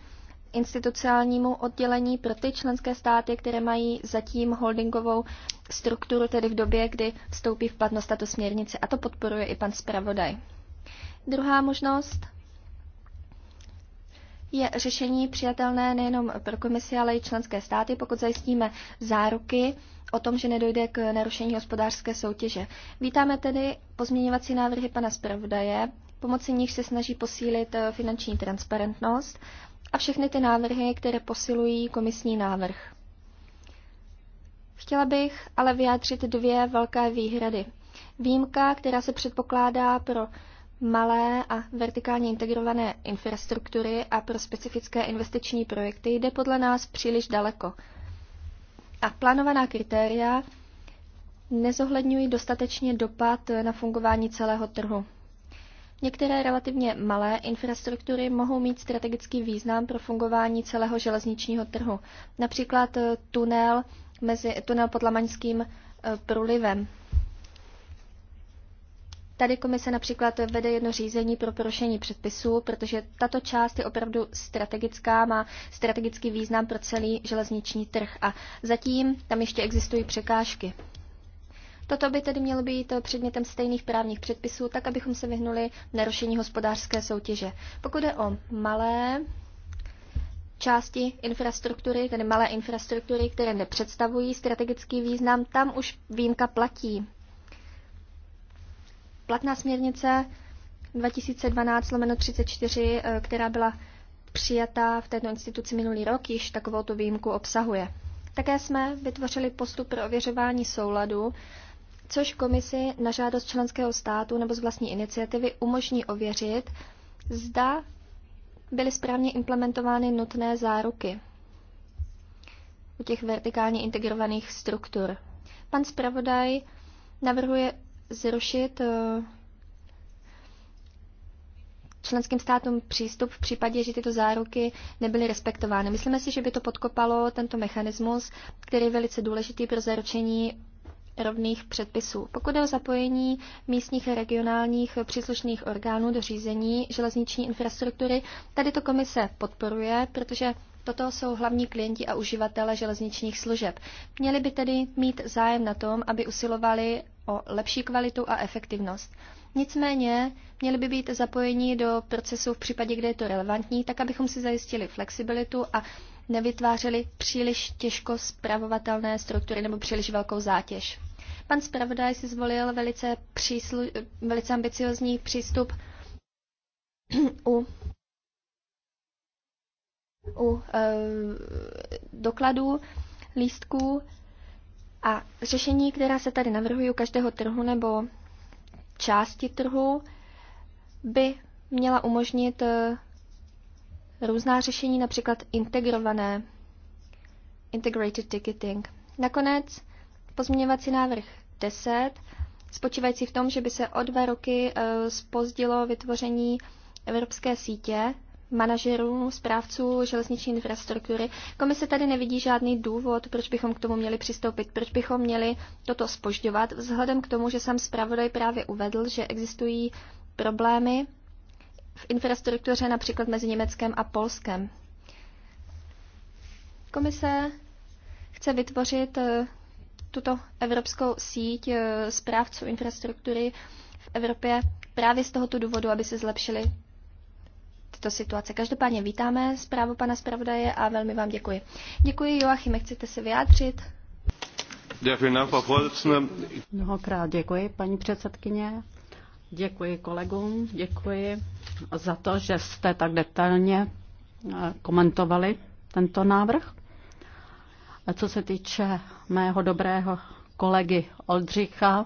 institucionálnímu oddělení pro ty členské státy, které mají zatím holdingovou strukturu, tedy v době, kdy vstoupí v platnost tato směrnice. A to podporuje i pan zpravodaj. Druhá možnost je řešení přijatelné nejenom pro komisi, ale i členské státy, pokud zajistíme záruky o tom, že nedojde k narušení hospodářské soutěže. Vítáme tedy pozměňovací návrhy pana zpravodaje, pomocí nich se snaží posílit eh, finanční transparentnost a všechny ty návrhy, které posilují komisní návrh. Chtěla bych ale vyjádřit dvě velké výhrady. Výjimka, která se předpokládá pro malé a vertikálně integrované infrastruktury a pro specifické investiční projekty, jde podle nás příliš daleko. A plánovaná kritéria nezohledňují dostatečně dopad na fungování celého trhu. Některé relativně malé infrastruktury mohou mít strategický význam pro fungování celého železničního trhu. Například eh, tunel, mezi, tunel pod Lamaňským eh, průlivem. Tady komise například vede jedno řízení pro porušení předpisů, protože tato část je opravdu strategická, má strategický význam pro celý železniční trh a zatím tam ještě existují překážky. Toto by tedy mělo být předmětem stejných právních předpisů, tak abychom se vyhnuli narušení hospodářské soutěže. Pokud je o malé části infrastruktury, tedy malé infrastruktury, které nepředstavují strategický význam, tam už výjimka platí. Platná směrnice 2012-34, eh, která byla přijatá v této instituci minulý rok, již takovou tu výjimku obsahuje. Také jsme vytvořili postup pro ověřování souladu což komisi na žádost členského státu nebo z vlastní iniciativy umožní ověřit, zda byly správně implementovány nutné záruky u těch vertikálně integrovaných struktur. Pan zpravodaj navrhuje zrušit eh, členským státům přístup v případě, že tyto záruky nebyly respektovány. Myslíme si, že by to podkopalo tento mechanismus, který je velice důležitý pro zaručení rovných předpisů. Pokud je o zapojení místních a regionálních příslušných orgánů do řízení železniční infrastruktury, tady to komise podporuje, protože Toto jsou hlavní klienti a uživatele železničních služeb. Měli by tedy mít zájem na tom, aby usilovali o lepší kvalitu a efektivnost. Nicméně měli by být zapojeni do procesu v případě, kde je to relevantní, tak abychom si zajistili flexibilitu a nevytvářely příliš těžko spravovatelné struktury nebo příliš velkou zátěž. Pan zpravodaj si zvolil velice, příslu, velice ambiciozní přístup u, u e, dokladů, lístků a řešení, která se tady navrhují u každého trhu nebo části trhu, by měla umožnit eh, různá řešení, například integrované, integrated ticketing. Nakonec pozměňovací návrh 10, spočívající v tom, že by se o dva roky spozdilo eh, vytvoření evropské sítě manažerů, správců železniční infrastruktury. Komise tady nevidí žádný důvod, proč bychom k tomu měli přistoupit, proč bychom měli toto spožďovat, vzhledem k tomu, že sám zpravodaj právě uvedl, že existují problémy v infrastruktuře například mezi Německem a Polskem. Komise chce vytvořit eh, tuto evropskou síť eh, správců infrastruktury v Evropě právě z tohoto důvodu, aby se zlepšily tyto situace. Každopádně vítáme zprávu pana zpravodaje a velmi vám děkuji. Děkuji, Joachime, chcete se vyjádřit? Mnohokrát děkuji, paní předsedkyně. Děkuji kolegům, děkuji za to, že jste tak detailně eh, komentovali tento návrh. A co se týče mého dobrého kolegy Oldřicha,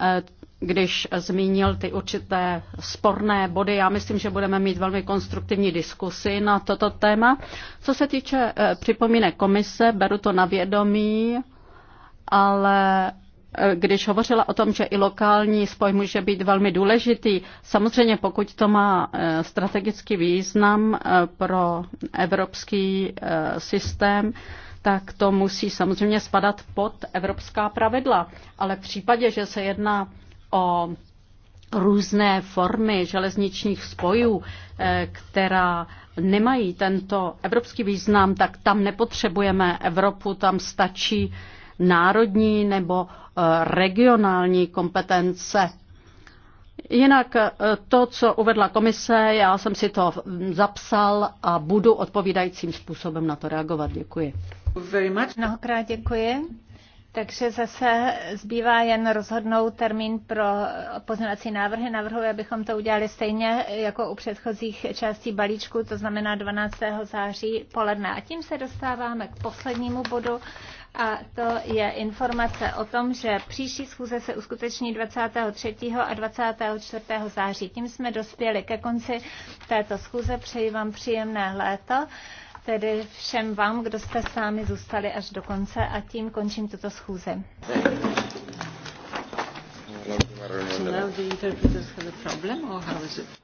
eh, když zmínil ty určité sporné body. Já myslím, že budeme mít velmi konstruktivní diskusy na toto téma. Co se týče eh, připomínek komise, beru to na vědomí, ale když hovořila o tom, že i lokální spoj může být velmi důležitý, samozřejmě pokud to má eh, strategický význam eh, pro evropský eh, systém, tak to musí samozřejmě spadat pod evropská pravidla. Ale v případě, že se jedná o různé formy železničních spojů, která nemají tento evropský význam, tak tam nepotřebujeme Evropu, tam stačí národní nebo eh, regionální kompetence. Jinak eh, to, co uvedla komise, já jsem si to hm, zapsal a budu odpovídajícím způsobem na to reagovat. Děkuji. Mnohokrát děkuji. Takže zase zbývá jen rozhodnout termín pro pozměňovací návrhy. Navrhuji, abychom to udělali stejně jako u předchozích částí balíčku, to znamená 12. září poledne. A tím se dostáváme k poslednímu bodu a to je informace o tom, že příští schůze se uskuteční 23. a 24. září. Tím jsme dospěli ke konci této schůze. Přeji vám příjemné léto, tedy všem vám, kdo jste s námi zůstali až do konce a tím končím tuto schůzi. So now the interpreters have a problem or how is it?